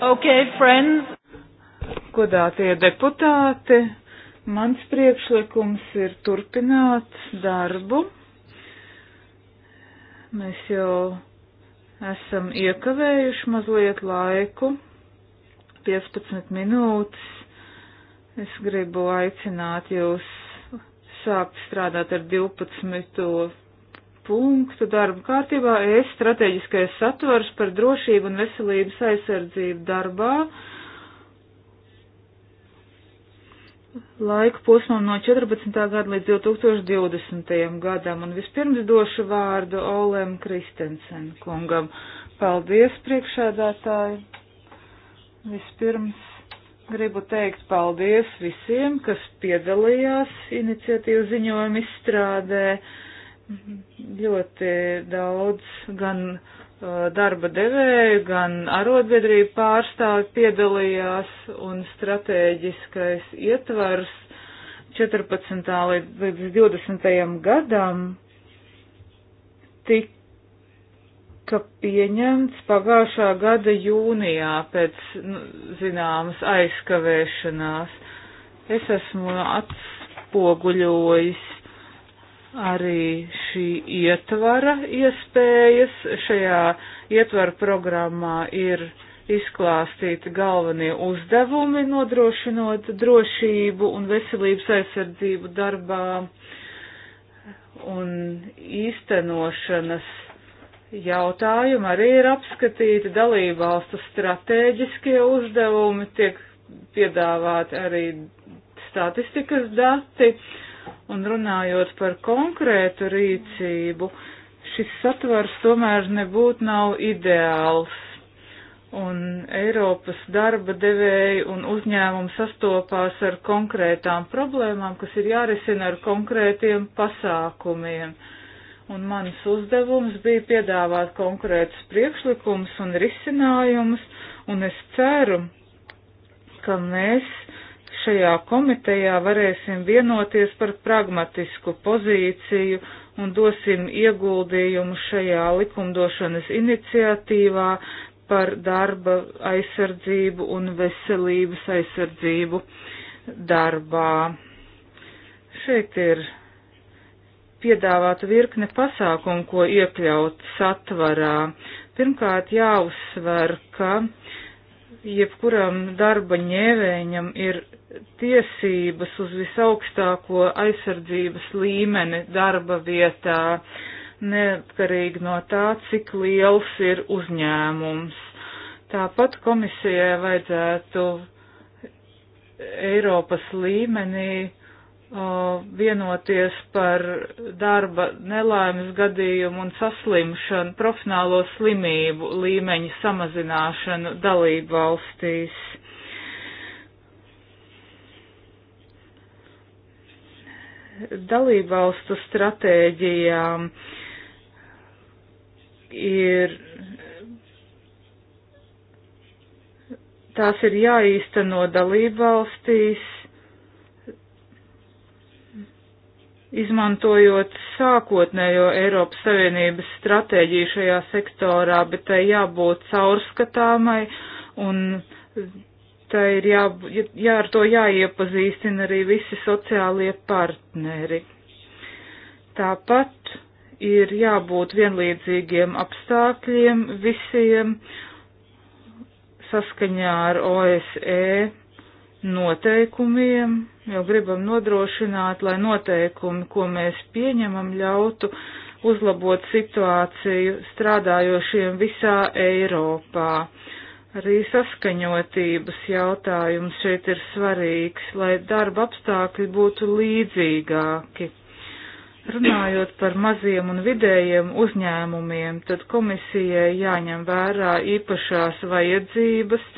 Okay, friends. Godātie deputāti, mans priekšlikums ir turpināt darbu. Mēs jau esam iekavējuši mazliet laiku, 15 minūtes. Es gribu aicināt jūs sākt strādāt ar 12 punktu darba kārtībā ES strateģiskais satvars par drošību un veselības aizsardzību darbā. Laika posmam no 14. gada līdz 2020. gadam, un vispirms došu vārdu Olem Kristensen kungam. Paldies, priekšādātāji! Vispirms gribu teikt paldies visiem, kas piedalījās iniciatīvu ziņojumu izstrādē. Uh, ļoti daudz gan uh, darba devēju, gan arotbiedrību pārstāvi piedalījās un stratēģiskais ietvars 14. līdz 20. gadam tika pieņemts pagājušā gada jūnijā pēc nu, zināmas aizkavēšanās. Es esmu atspoguļojis arī šī ietvara iespējas. Šajā ietvara programmā ir izklāstīti galvenie uzdevumi nodrošinot drošību un veselības aizsardzību darbā un īstenošanas jautājumi arī ir apskatīti dalībvalstu stratēģiskie uzdevumi, tiek piedāvāti arī statistikas dati. Uh, Un runājot par konkrētu rīcību, šis satvars tomēr nebūtu nav ideāls. Un Eiropas darba devēji un uzņēmumi sastopās ar konkrētām problēmām, kas ir jārisina ar konkrētiem pasākumiem un mans uzdevums bija piedāvāt konkrētus priekšlikumus un risinājumus, un es ceru, ka mēs šajā komitejā varēsim vienoties par pragmatisku pozīciju un dosim ieguldījumu šajā likumdošanas iniciatīvā par darba aizsardzību un veselības aizsardzību darbā. Šeit ir piedāvāta virkne pasākumu, ko iekļaut satvarā. Pirmkārt, jāuzsver, ka jebkuram darba ņēvēņam ir tiesības uz visaugstāko aizsardzības līmeni darba vietā, neatkarīgi no tā, cik liels ir uzņēmums. Tāpat komisijai vajadzētu Eiropas līmenī uh, vienoties par darba nelaimes gadījumu un saslimšanu, profesionālo slimību līmeņu samazināšanu dalību valstīs. dalībvalstu stratēģijām ir, tās ir jāīsteno dalībvalstīs, izmantojot sākotnējo Eiropas Savienības stratēģiju šajā sektorā, bet tai jābūt caurskatāmai un tā ir jā, jā, ar to jāiepazīstina arī visi sociālie partneri. Tāpat ir jābūt vienlīdzīgiem apstākļiem visiem saskaņā ar OSE noteikumiem, jo gribam nodrošināt, lai noteikumi, ko mēs pieņemam, ļautu uzlabot situāciju strādājošiem visā Eiropā Arī saskaņotības jautājums šeit ir svarīgs, lai darba apstākļi būtu līdzīgāki. Runājot par maziem un vidējiem uzņēmumiem, tad komisijai jāņem vērā īpašās vajadzības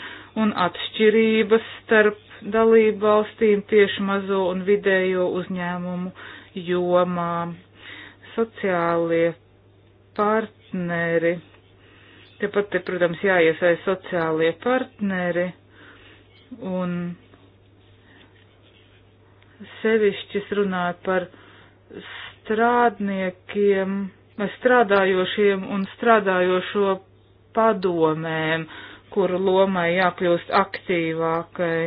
un atšķirības starp dalību valstīm tieši mazo un vidējo uzņēmumu jomā. Sociālie partneri Tepat te, protams, jāiesaist sociālie partneri un sevišķis runāt par strādniekiem, strādājošiem un strādājošo padomēm, kuru lomai jākļūst aktīvākai.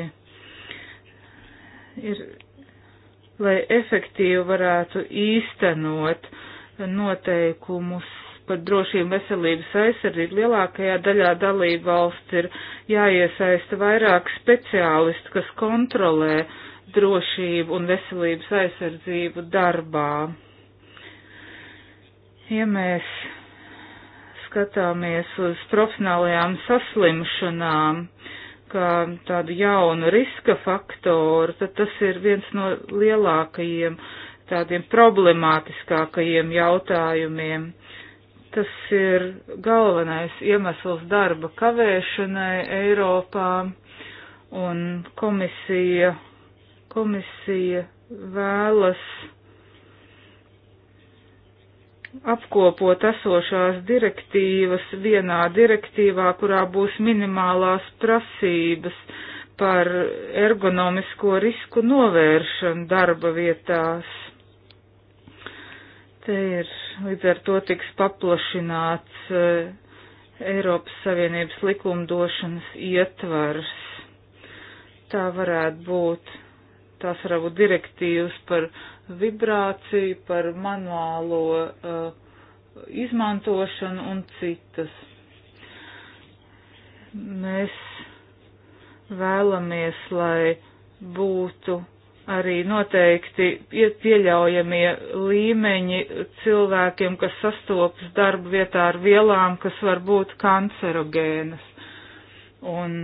Ir, lai efektīvi varētu īstenot noteikumus par drošību veselības aizsardzību lielākajā daļā dalību valsts ir jāiesaista vairāk speciālistu, kas kontrolē drošību un veselības aizsardzību darbā. Ja mēs skatāmies uz profesionālajām saslimšanām, kā tādu jaunu riska faktoru, tad tas ir viens no lielākajiem tādiem problemātiskākajiem jautājumiem. Tas ir galvenais iemesls darba kavēšanai Eiropā, un komisija, komisija vēlas apkopot esošās direktīvas vienā direktīvā, kurā būs minimālās prasības par ergonomisko risku novēršanu darba vietās. Te ir līdz ar to tiks paplašināts uh, Eiropas Savienības likumdošanas ietvars. Tā varētu būt, tās varētu būt direktīvas par vibrāciju, par manuālo uh, izmantošanu un citas. Mēs vēlamies, lai būtu arī noteikti pieļaujamie līmeņi cilvēkiem, kas sastopas darba vietā ar vielām, kas var būt kancerogēnas. Un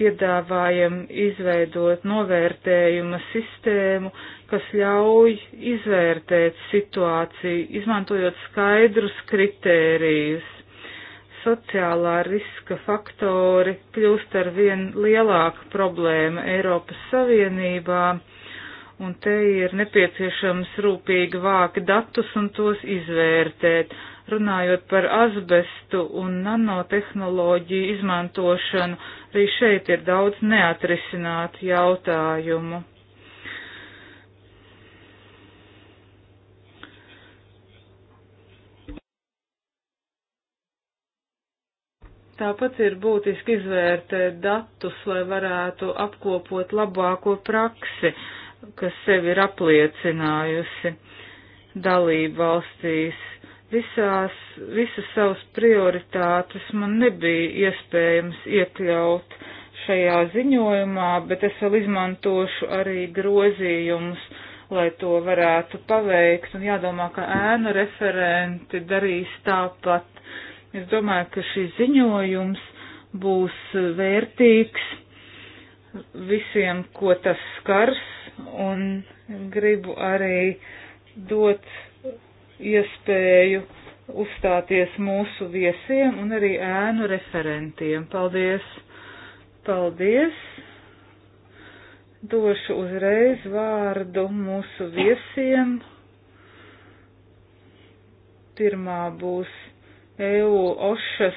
piedāvājam izveidot novērtējuma sistēmu, kas ļauj izvērtēt situāciju, izmantojot skaidrus kritērijus sociālā riska faktori kļūst ar vien lielāku problēmu Eiropas Savienībā, un te ir nepieciešams rūpīgi vākt datus un tos izvērtēt. Runājot par azbestu un nanotehnoloģiju izmantošanu, arī šeit ir daudz neatrisinātu jautājumu. Tāpat ir būtiski izvērtēt datus, lai varētu apkopot labāko praksi, kas sevi ir apliecinājusi dalību valstīs. Visās, visas savas prioritātes man nebija iespējams iekļaut šajā ziņojumā, bet es vēl izmantošu arī grozījumus, lai to varētu paveikt, un jādomā, ka ēnu referenti darīs tāpat Es domāju, ka šis ziņojums būs vērtīgs visiem, ko tas skars, un gribu arī dot iespēju uzstāties mūsu viesiem un arī ēnu referentiem. Paldies! Paldies! Došu uzreiz vārdu mūsu viesiem. Pirmā būs EU Ošas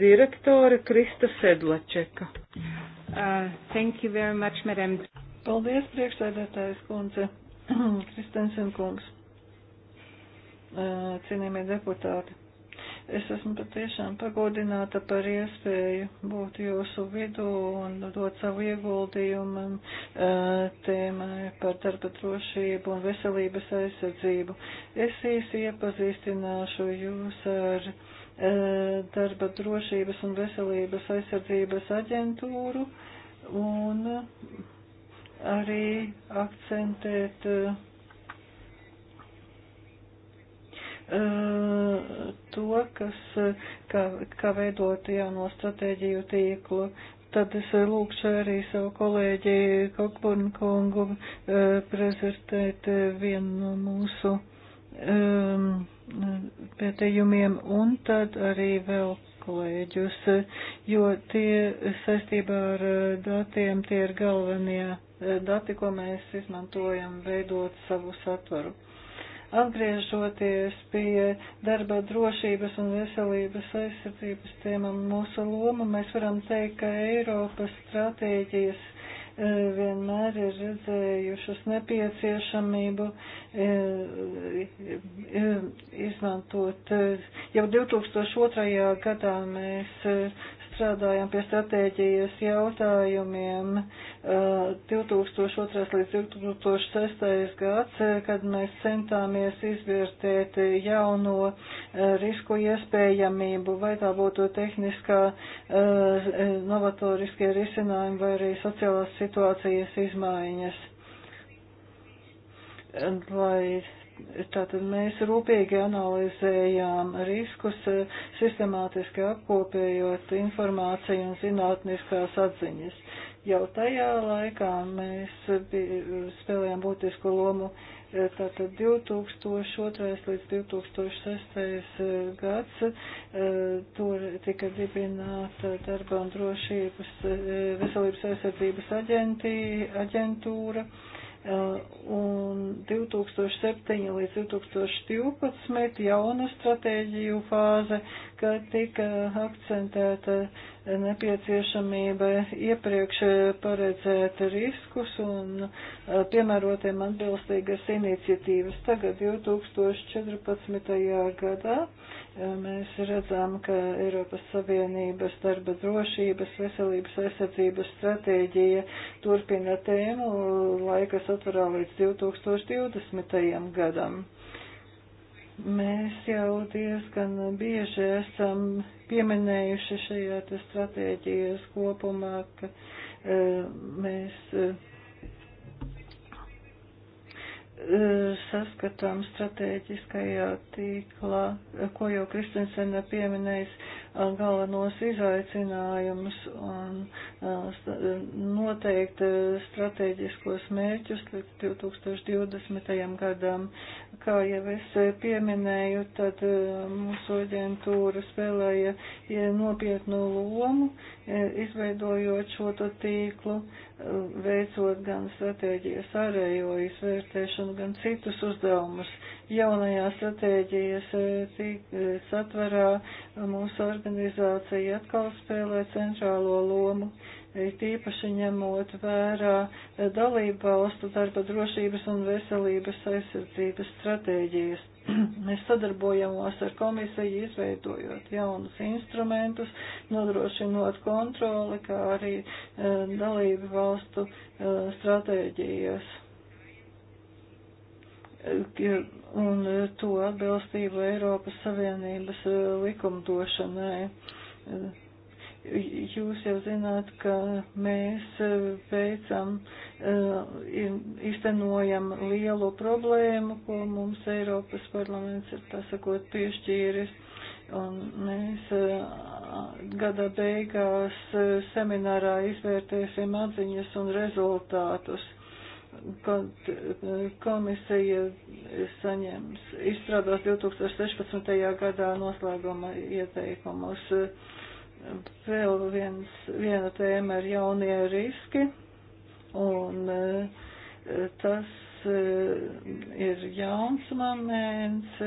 direktore Krista Sedlačeka. Uh, thank you very much, madam. Paldies, priekšsēdētājs kundze, Kristensen kungs, uh, cienījamie deputāti. Es esmu patiešām pagodināta par iespēju būt jūsu vidū un dot savu ieguldījumu uh, tēmai par darba drošību un veselības aizsardzību. Es īsi iepazīstināšu jūs ar E, darba drošības un veselības aizsardzības aģentūru un arī akcentēt e, e, to, kas, kā, kā veidot jauno stratēģiju tīklu, tad es lūkšu arī savu kolēģi Kokburnu kungu prezentēt vienu no mūsu um, pētījumiem un tad arī vēl kolēģus, jo tie saistībā ar eh, datiem tie ir galvenie eh, dati, ko mēs izmantojam veidot savu satvaru. Atgriežoties pie darba drošības un veselības aizsardzības tēmām mūsu loma, mēs varam teikt, ka Eiropas stratēģijas E, vienmēr ir redzējušas nepieciešamību e, e, izmantot. Jau 2002. gadā mēs strādājām pie stratēģijas jautājumiem 2002. Eh, līdz 2006. gads, eh, kad mēs centāmies izvērtēt jauno eh, risku iespējamību, vai tā būtu tehniskā novatoriskie risinājumi vai arī sociālās situācijas izmaiņas. Lai Tātad mēs rūpīgi analizējām riskus, e, sistemātiski apkopējot informāciju un zinātniskās atziņas. Jau tajā laikā mēs spēlējām būtisku lomu. E, tātad 2002. līdz 2006. E, gads tur tika dibināta darba un drošības veselības aizsardzības aģentī, aģentūra. aģentūra Uh, un 2007 līdz 2012 jauna stratēģiju fāze, kad tika akcentēta nepieciešamība iepriekš paredzēt riskus un uh, piemērotiem atbilstīgas iniciatīvas. Tagad 2014. gadā Mēs redzam, ka Eiropas Savienības darba drošības, veselības aizsardzības stratēģija turpina tēmu laikas atvarā līdz 2020. gadam. Mēs jau diezgan bieži esam pieminējuši šajā stratēģijas kopumā, ka e, mēs. E, Eh, saskatām strateģiskajā tīklā, eh, ko jau Kristensena pieminējis, eh, galvenos izaicinājumus un noteikti strateģiskos mērķus līdz 2020. gadam. Kā jau es eh, pieminēju, tad eh, mūsu aģentūra spēlēja eh, nopietnu lomu, izveidojot šo tīklu, veicot gan stratēģijas ārējo izvērtēšanu, gan citus uzdevumus. Jaunajā stratēģijas satverā mūsu organizācija atkal spēlē centrālo lomu it īpaši ņemot vērā dalību valstu darba drošības un veselības aizsardzības stratēģijas. Mēs sadarbojamos ar komisiju, izveidojot jaunus instrumentus, nodrošinot kontroli, kā arī e, dalību valstu e, stratēģijas e, un to atbilstību Eiropas Savienības likumdošanai Jūs jau zināt, ka mēs eh, veicam, eh, iztenojam lielu problēmu, ko mums Eiropas parlaments ir, tā sakot, piešķīris. Un mēs eh, gada beigās seminārā izvērtēsim atziņas un rezultātus komisija saņems, izstrādās 2016. gadā noslēguma ieteikumus. Uh, Vēl viens, viena tēma ir jaunie riski, un eh, tas eh, ir jauns moments.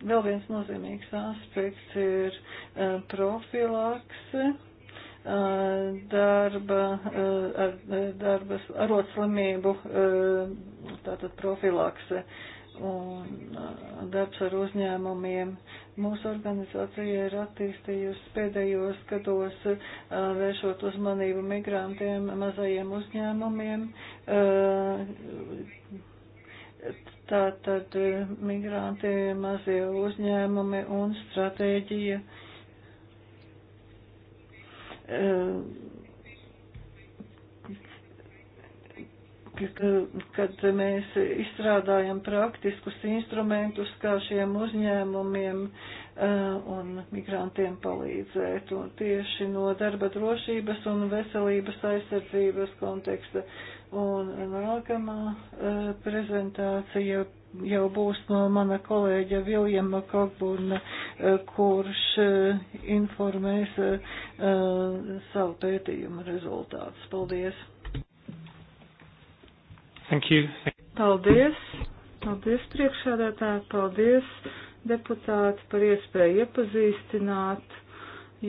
Vēl viens nozīmīgs aspekts ir eh, profilakse darba, ar, darbas arotslimību, tātad profilakse un uh, darbs ar uzņēmumiem. Mūsu organizācija ir attīstījusi pēdējos gados uh, vēršot uzmanību migrantiem, mazajiem uzņēmumiem. Uh, tātad migranti, mazie uzņēmumi un stratēģija kad mēs izstrādājam praktiskus instrumentus, kā šiem uzņēmumiem eh, un migrantiem palīdzēt. Un tieši no darba drošības un veselības aizsardzības konteksta. Un nākamā eh, prezentācija jau būs no mana kolēģa Viljama Kokburna, eh, kurš informēs savu pētījumu rezultātus. Paldies! Thank you. Paldies. Paldies priekšādātāji. Paldies deputāti par iespēju iepazīstināt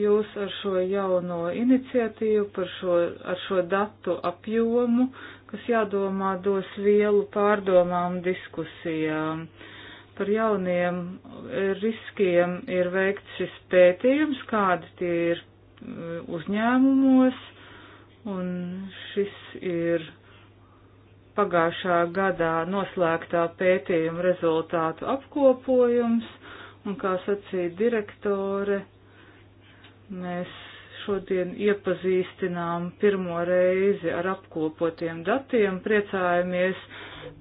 jūs ar šo jauno iniciatīvu, par šo, ar šo datu apjomu, kas jādomā dos vielu pārdomām diskusijām. Par jauniem riskiem ir veikts šis pētījums, kādi tie ir mm, uzņēmumos, un šis ir pagājušā gadā noslēgtā pētījuma rezultātu apkopojums, un, kā sacīja direktore, mēs šodien iepazīstinām pirmo reizi ar apkopotiem datiem, priecājamies,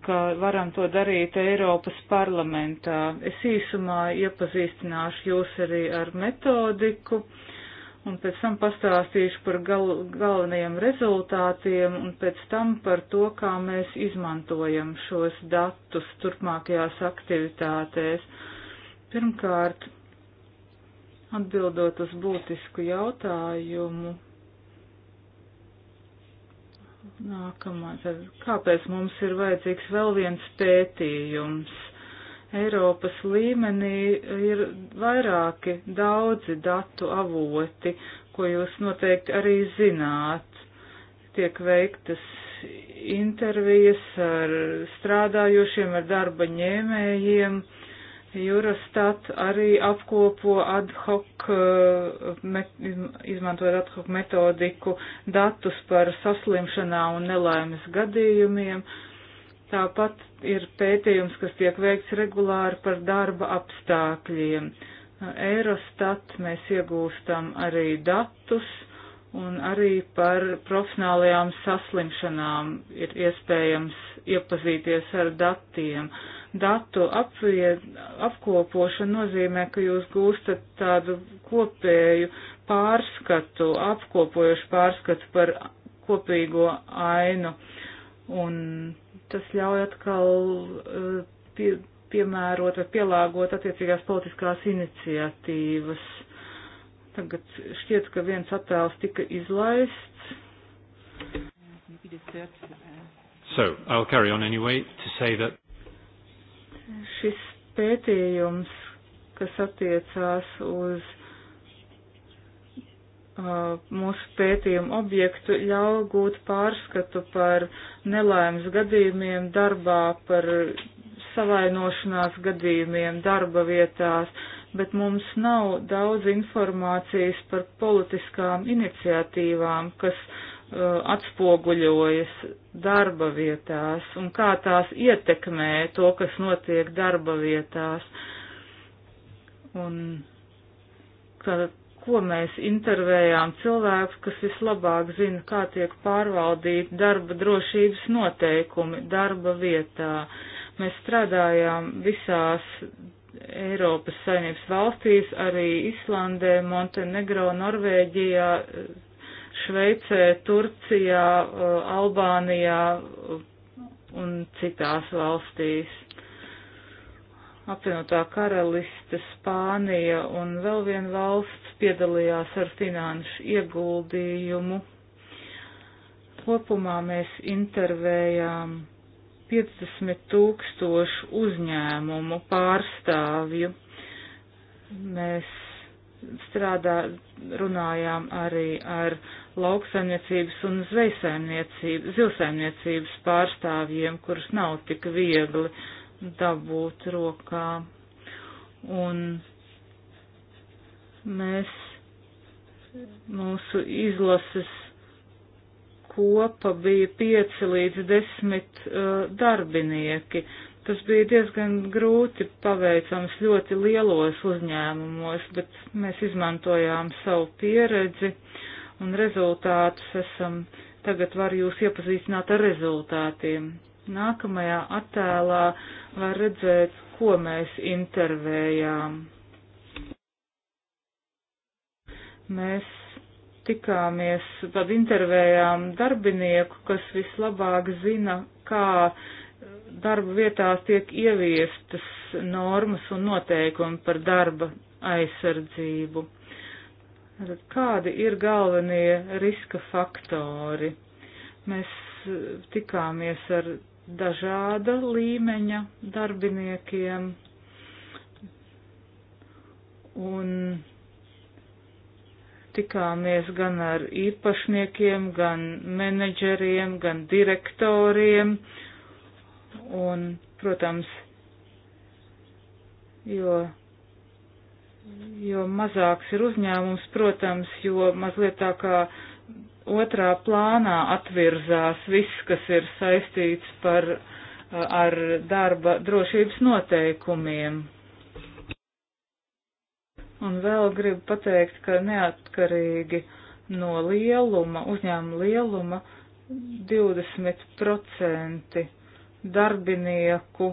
ka varam to darīt Eiropas parlamentā. Es īsumā iepazīstināšu jūs arī ar metodiku. Uh, un pēc tam pastāstīšu par gal, galvenajiem rezultātiem un pēc tam par to, kā mēs izmantojam šos datus turpmākajās aktivitātēs. Pirmkārt, atbildot uz būtisku jautājumu, nākamā, tad kāpēc mums ir vajadzīgs vēl viens pētījums? Eiropas līmenī ir vairāki daudzi datu avoti, ko jūs noteikti arī zināt. Tiek veiktas intervijas ar strādājošiem, ar darba ņēmējiem. Jurastat arī apkopo ad hoc, eh, met, izmantojot ad hoc metodiku, datus par saslimšanā un nelaimes gadījumiem. Uh, Tāpat ir pētījums, kas tiek veikts regulāri par darba apstākļiem. Eurostat mēs iegūstam arī datus un arī par profesionālajām saslimšanām ir iespējams iepazīties ar datiem. Datu apvied, apkopošana nozīmē, ka jūs gūstat tādu kopēju pārskatu, apkopojušu pārskatu par kopīgo ainu. Un tas ļauj atkal eh, pie, piemērot vai pielāgot attiecīgās politiskās iniciatīvas. Tagad šķiet, ka viens attēls tika izlaists. So, I'll carry on anyway to say that. Šis pētījums, kas attiecās uz Uh, mūsu pētījumu objektu ļauj gūt pārskatu par nelaimes gadījumiem darbā, par savainošanās gadījumiem darba vietās, bet mums nav daudz informācijas par politiskām iniciatīvām, kas uh, atspoguļojas darba vietās un kā tās ietekmē to, kas notiek darba vietās. Un, tātad ko mēs intervējām cilvēkus, kas vislabāk zina, kā tiek pārvaldīt darba drošības noteikumi darba vietā. Mēs strādājām visās Eiropas saimnības valstīs, arī Islandē, Montenegro, Norvēģijā, Šveicē, Turcijā, uh, Albānijā un citās valstīs apvienotā karaliste, Spānija un vēl viena valsts piedalījās ar finanšu ieguldījumu. Kopumā mēs intervējām 50 tūkstošu uzņēmumu pārstāvju. Mēs strādā, runājām arī ar lauksaimniecības un zvejsaimniecības, zilsaimniecības pārstāvjiem, kurus nav tik viegli dabūt rokā. Un Mēs mūsu izlases kopa bija pieci līdz desmit uh, darbinieki. Tas bija diezgan grūti paveicams ļoti lielos uzņēmumos, bet mēs izmantojām savu pieredzi un rezultātus esam. Tagad var jūs iepazīstināt ar rezultātiem. Nākamajā attēlā var redzēt, ko mēs intervējām. Mēs tikāmies, tad intervējām darbinieku, kas vislabāk zina, kā darba vietās tiek ieviestas normas un noteikumi par darba aizsardzību. Kādi ir galvenie riska faktori? Mēs e, tikāmies ar dažāda līmeņa darbiniekiem un tikāmies gan ar īpašniekiem, gan menedžeriem, gan direktoriem. Un, protams, jo, jo mazāks ir uzņēmums, protams, jo mazliet tā kā otrā plānā atvirzās viss, kas ir saistīts par, ar darba drošības noteikumiem. Un vēl gribu pateikt, ka neatkarīgi no lieluma, uzņēmuma lieluma, 20% darbinieku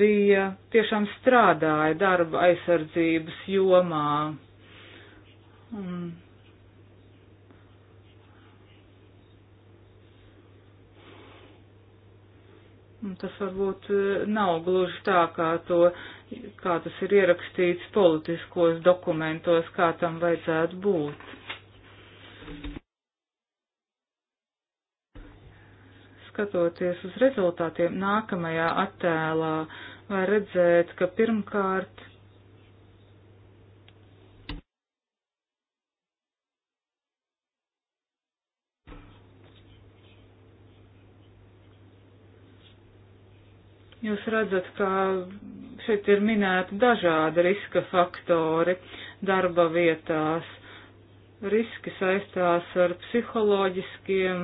bija tiešām strādāja darba aizsardzības jomā. Un Tas varbūt eh, nav gluži tā, kā to kā tas ir ierakstīts politiskos dokumentos, kā tam vajadzētu būt. Skatoties uz rezultātiem nākamajā attēlā, var redzēt, ka pirmkārt jūs redzat, ka šeit ir minēti dažādi riska faktori darba vietās. Riski saistās ar psiholoģiskiem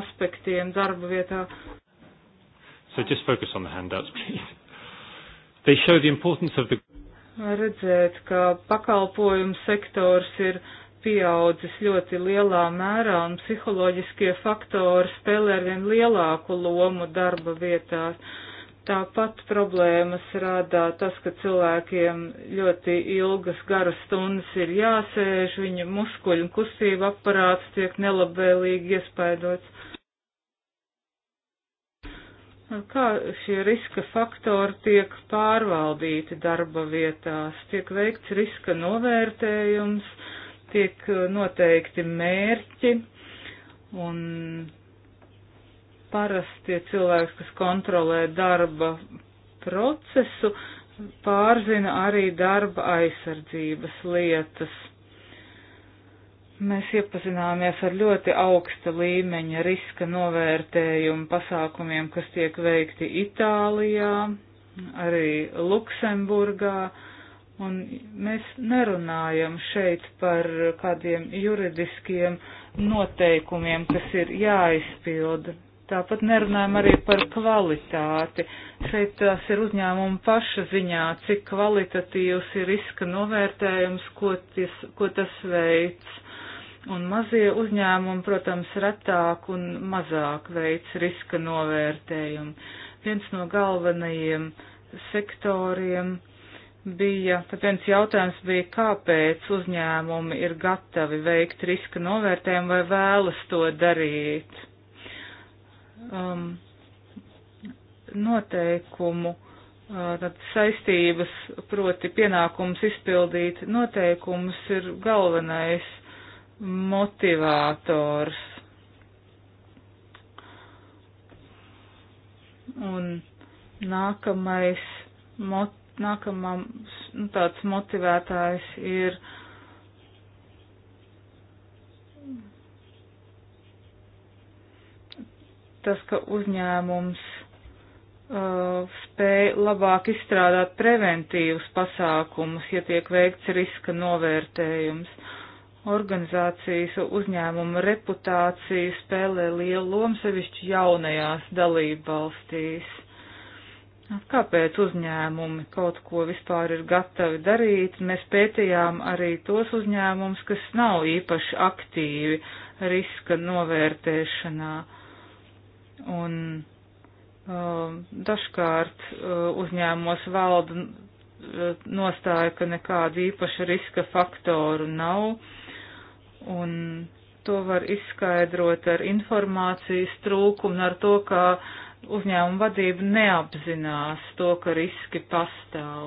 aspektiem darba vietā. So just focus on the handouts, please. They show the importance of the... Redzēt, ka pakalpojumu sektors ir pieaudzis ļoti lielā mērā un psiholoģiskie faktori spēlē arvien lielāku lomu darba vietās. Uh, Tāpat problēmas rādā tas, ka cilvēkiem ļoti ilgas, garas stundas ir jāsēž, viņu muskuļu un kustību aparāts tiek nelabvēlīgi iespaidots. Kā šie riska faktori tiek pārvaldīti darba vietās? Tiek veikts riska novērtējums, tiek noteikti mērķi un parasti cilvēks, kas kontrolē darba procesu, pārzina arī darba aizsardzības lietas. Mēs iepazināmies ar ļoti augsta līmeņa riska novērtējumu pasākumiem, kas tiek veikti Itālijā, arī Luksemburgā, un mēs nerunājam šeit par kādiem juridiskiem noteikumiem, kas ir jāizpilda. Tāpat nerunājam arī par kvalitāti. Šeit tās ir uzņēmuma paša ziņā, cik kvalitatīvs ir riska novērtējums, ko, tis, ko tas veids. Un mazie uzņēmumi, protams, retāk un mazāk veids riska novērtējumu. Viens no galvenajiem sektoriem bija, tad viens jautājums bija, kāpēc uzņēmumi ir gatavi veikt riska novērtējumu vai vēlas to darīt um, noteikumu, uh, tad saistības, proti pienākums izpildīt noteikumus ir galvenais motivators. Un nākamais, mot, nākamā, nu, tāds motivētājs ir uh, tas, ka uzņēmums uh, spēj labāk izstrādāt preventīvus pasākumus, ja tiek veikts riska novērtējums. Organizācijas uzņēmuma reputācija spēlē lielu lomu sevišķi jaunajās dalību valstīs. Kāpēc uzņēmumi kaut ko vispār ir gatavi darīt? Mēs pētījām arī tos uzņēmumus, kas nav īpaši aktīvi riska novērtēšanā. Uh, Un uh, dažkārt uh, uzņēmumos valda uh, nostāja, ka nekāda īpaša riska faktoru nav. Un to var izskaidrot ar informācijas trūkumu, ar to, ka uzņēmuma vadība neapzinās to, ka riski pastāv.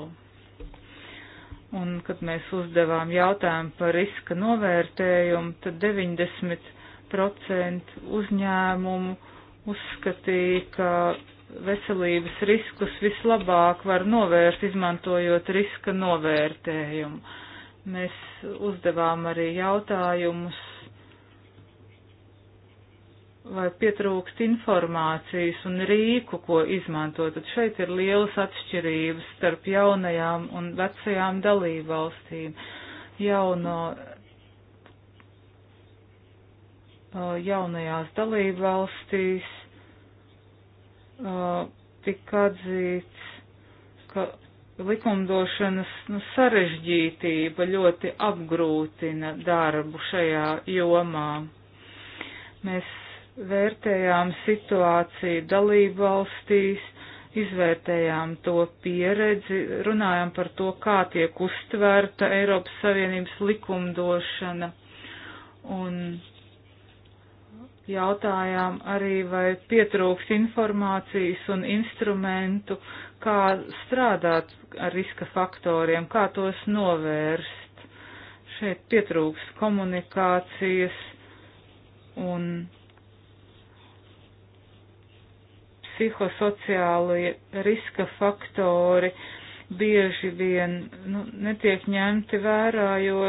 Un, kad mēs uzdevām jautājumu par riska novērtējumu, tad 90% uzņēmumu uzskatīja, ka veselības riskus vislabāk var novērst, izmantojot riska novērtējumu. Mēs uzdevām arī jautājumus, vai pietrūkst informācijas un rīku, ko izmantot. Tad šeit ir lielas atšķirības starp jaunajām un vecajām dalībvalstīm. Jauno jaunajās dalībvalstīs tika atzīts, ka likumdošanas nu, sarežģītība ļoti apgrūtina darbu šajā jomā. Mēs vērtējām situāciju dalību valstīs, izvērtējām to pieredzi, runājām par to, kā tiek uztverta Eiropas Savienības likumdošana. Un jautājām arī, vai pietrūks informācijas un instrumentu, kā strādāt ar riska faktoriem, kā tos novērst. Šeit pietrūks komunikācijas un psihosociālie riska faktori bieži vien nu, netiek ņemti vērā, jo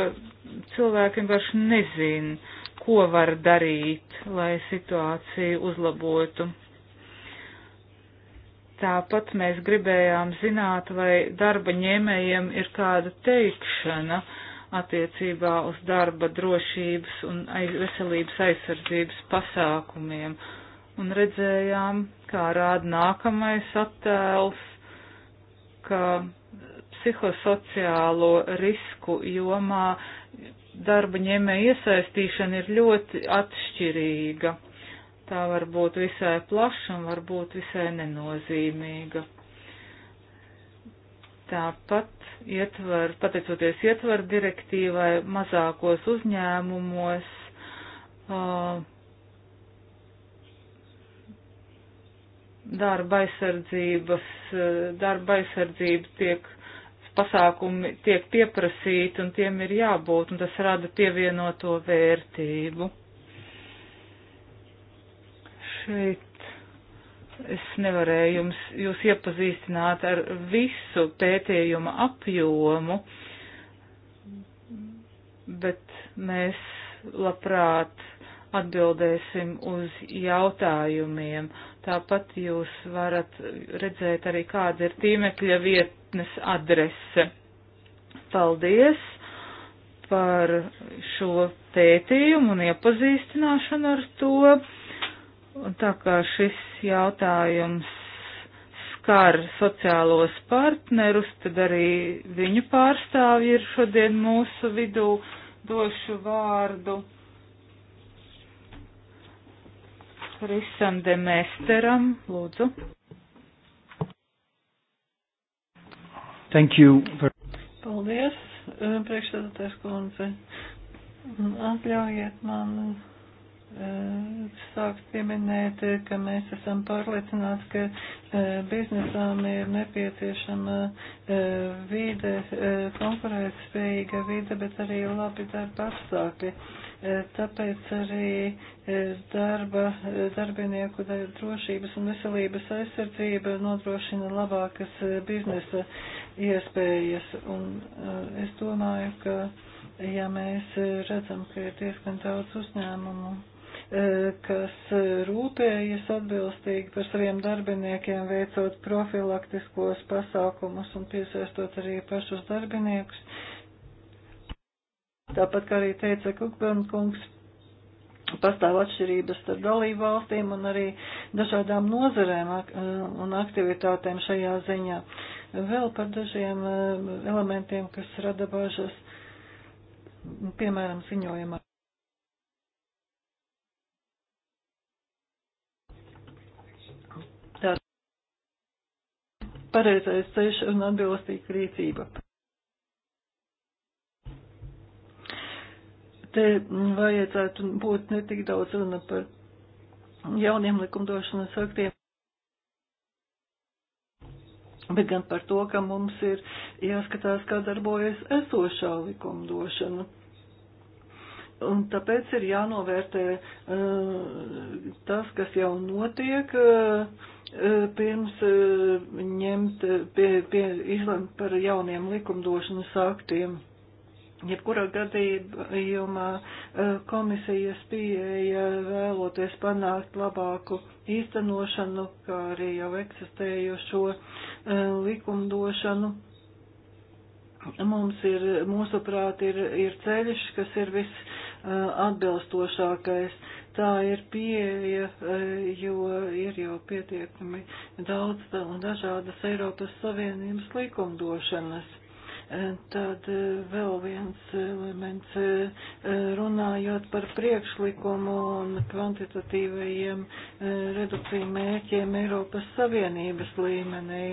cilvēki vienkārši nezina ko var darīt, lai situāciju uzlabotu. Tāpat mēs gribējām zināt, vai darba ņēmējiem ir kāda teikšana attiecībā uz darba drošības un aiz veselības aizsardzības pasākumiem. Un redzējām, kā rāda nākamais attēls, ka psihosociālo risku jomā darba ņēmēja iesaistīšana ir ļoti atšķirīga. Tā var būt visai plaša un var būt visai nenozīmīga. Tāpat ietver, pateicoties ietver direktīvai, mazākos uzņēmumos uh, darba aizsardzības, darba aizsardzība tiek pasākumi tiek pieprasīti un tiem ir jābūt, un tas rada pievienoto vērtību. Šeit es nevarēju jums, jūs iepazīstināt ar visu pētījuma apjomu, bet mēs labprāt atbildēsim uz jautājumiem Tāpat jūs varat redzēt arī, kāda ir tīmekļa vietnes adrese. Paldies par šo pētījumu un iepazīstināšanu ar to. Un tā kā šis jautājums skar sociālos partnerus, tad arī viņu pārstāvji ir šodien mūsu vidū došu vārdu. Risam de Mesteram, lūdzu. Thank you. For... Paldies, eh, priekšsēdētājs kundze. Atļaujiet man sākt pieminēt, ka mēs esam pārliecināti, ka e, biznesām ir nepieciešama e, vide, e, konkurētspējīga vide, bet arī labi darba apstākļi. Tāpēc arī darba, darbinieku drošības un veselības aizsardzība nodrošina labākas biznesa iespējas. Un es domāju, ka ja mēs redzam, ka ir diezgan daudz uzņēmumu E, kas rūpējas atbilstīgi par saviem darbiniekiem, veicot profilaktiskos pasākumus un piesaistot arī pašus darbiniekus. Tāpat kā arī teica Kukbērn kungs, pastāv atšķirības starp dalību valstīm un arī dažādām nozarēm e, un aktivitātēm šajā ziņā. Vēl par dažiem e, elementiem, kas rada bažas, piemēram, ziņojumā pareizais ceļš un atbilstīga rīcība. Te vajadzētu būt ne tik daudz runa par jauniem likumdošanas aktiem, bet gan par to, ka mums ir jāskatās, kā darbojas esošā likumdošana Un tāpēc ir jānovērtē eh, tas, kas jau notiek, eh, pirms eh, ņemt, pie, pie, izlemt par jauniem likumdošanas aktiem. Jebkurā gadījumā komisijas pieeja vēloties panākt labāku īstenošanu, kā arī jau eksistējošo likumdošanu, mums ir, mūsuprāt, ir, ir ceļš, kas ir viss Uh, atbilstošākais. Tā ir pieeja, uh, jo ir jau pietiekami daudz un dažādas Eiropas Savienības likumdošanas. Uh, tad vēl viens elements, runājot par priekšlikumu un kvantitatīvajiem redukciju mērķiem Eiropas Savienības līmenī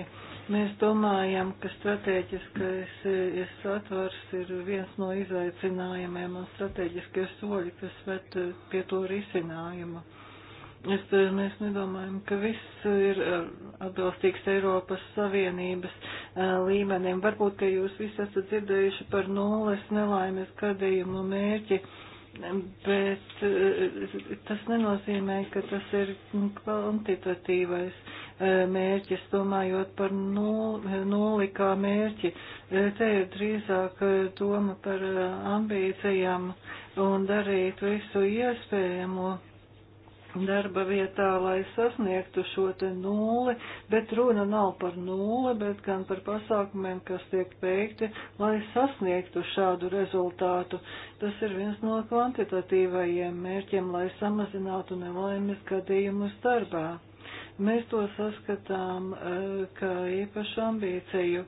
Mēs domājam, ka strateģiskais eh, satvars ir viens no izaicinājumiem un strateģiskie soļi, kas ved eh, pie to risinājuma. Es, eh, mēs nedomājam, ka viss ir atbilstīgs Eiropas Savienības līmenim. Varbūt, ka jūs visi esat dzirdējuši par nulles nelaimes gadījumu mērķi, bet tas nenozīmē, ka tas ir kvantitatīvais E, mērķis, domājot par nulli e, kā mērķi. E, te ir drīzāk doma par ambīcijām un darīt visu iespējamo darba vietā, lai sasniegtu šo te nulli, bet runa nav par nulli, bet gan par pasākumiem, kas tiek veikti, lai sasniegtu šādu rezultātu. Tas ir viens no kvantitatīvajiem mērķiem, lai samazinātu nelaimes gadījumus darbā. Mēs to saskatām, eh, kā īpašu ambīciju.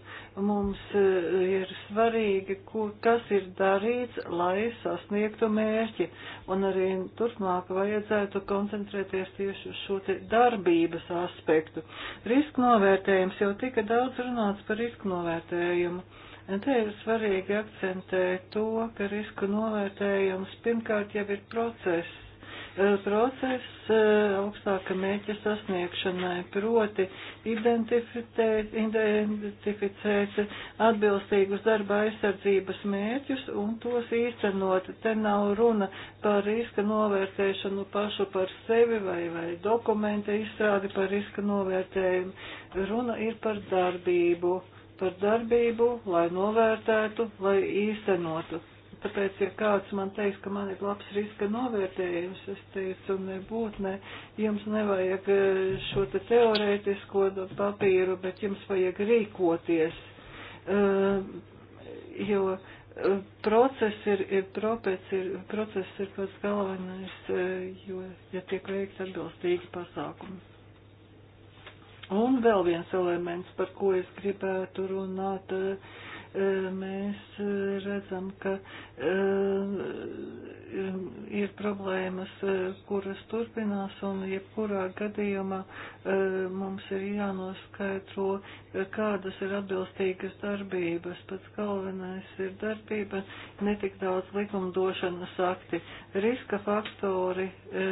Mums eh, ir svarīgi, kur, kas ir darīts, lai sasniegtu mērķi, un arī turpmāk vajadzētu koncentrēties tieši uz šo te darbības aspektu. Riska novērtējums jau tika daudz runāts par riska novērtējumu. Te ir svarīgi akcentēt to, ka riska novērtējums pirmkārt jau ir process E, process e, augstāka mērķa sasniegšanai, proti identificēt, identificēt atbilstīgus darba aizsardzības mērķus un tos īstenot. Te nav runa par riska novērtēšanu pašu par sevi vai, vai dokumenta izstrādi par riska novērtējumu. Runa ir par darbību, par darbību, lai novērtētu, lai īstenotu Tāpēc, ja kāds man teiks, ka man ir labs riska novērtējums, es teicu, nebūtnē, ne, jums nevajag e, šo te teorētisko papīru, bet jums vajag rīkoties, e, jo e, process ir, ir, propēc, ir, process ir pats galvenais, jo, ja tiek veikts atbilstīgi pasākumi. Un vēl viens elements, par ko es gribētu runāt, uh, E, mēs redzam, ka e, ir problēmas, e, kuras turpinās, un jebkurā gadījumā mums ir jānoskaidro, kādas ir atbilstīgas darbības. Pats galvenais ir darbība, netik daudz likumdošanas akti. Riska faktori. E,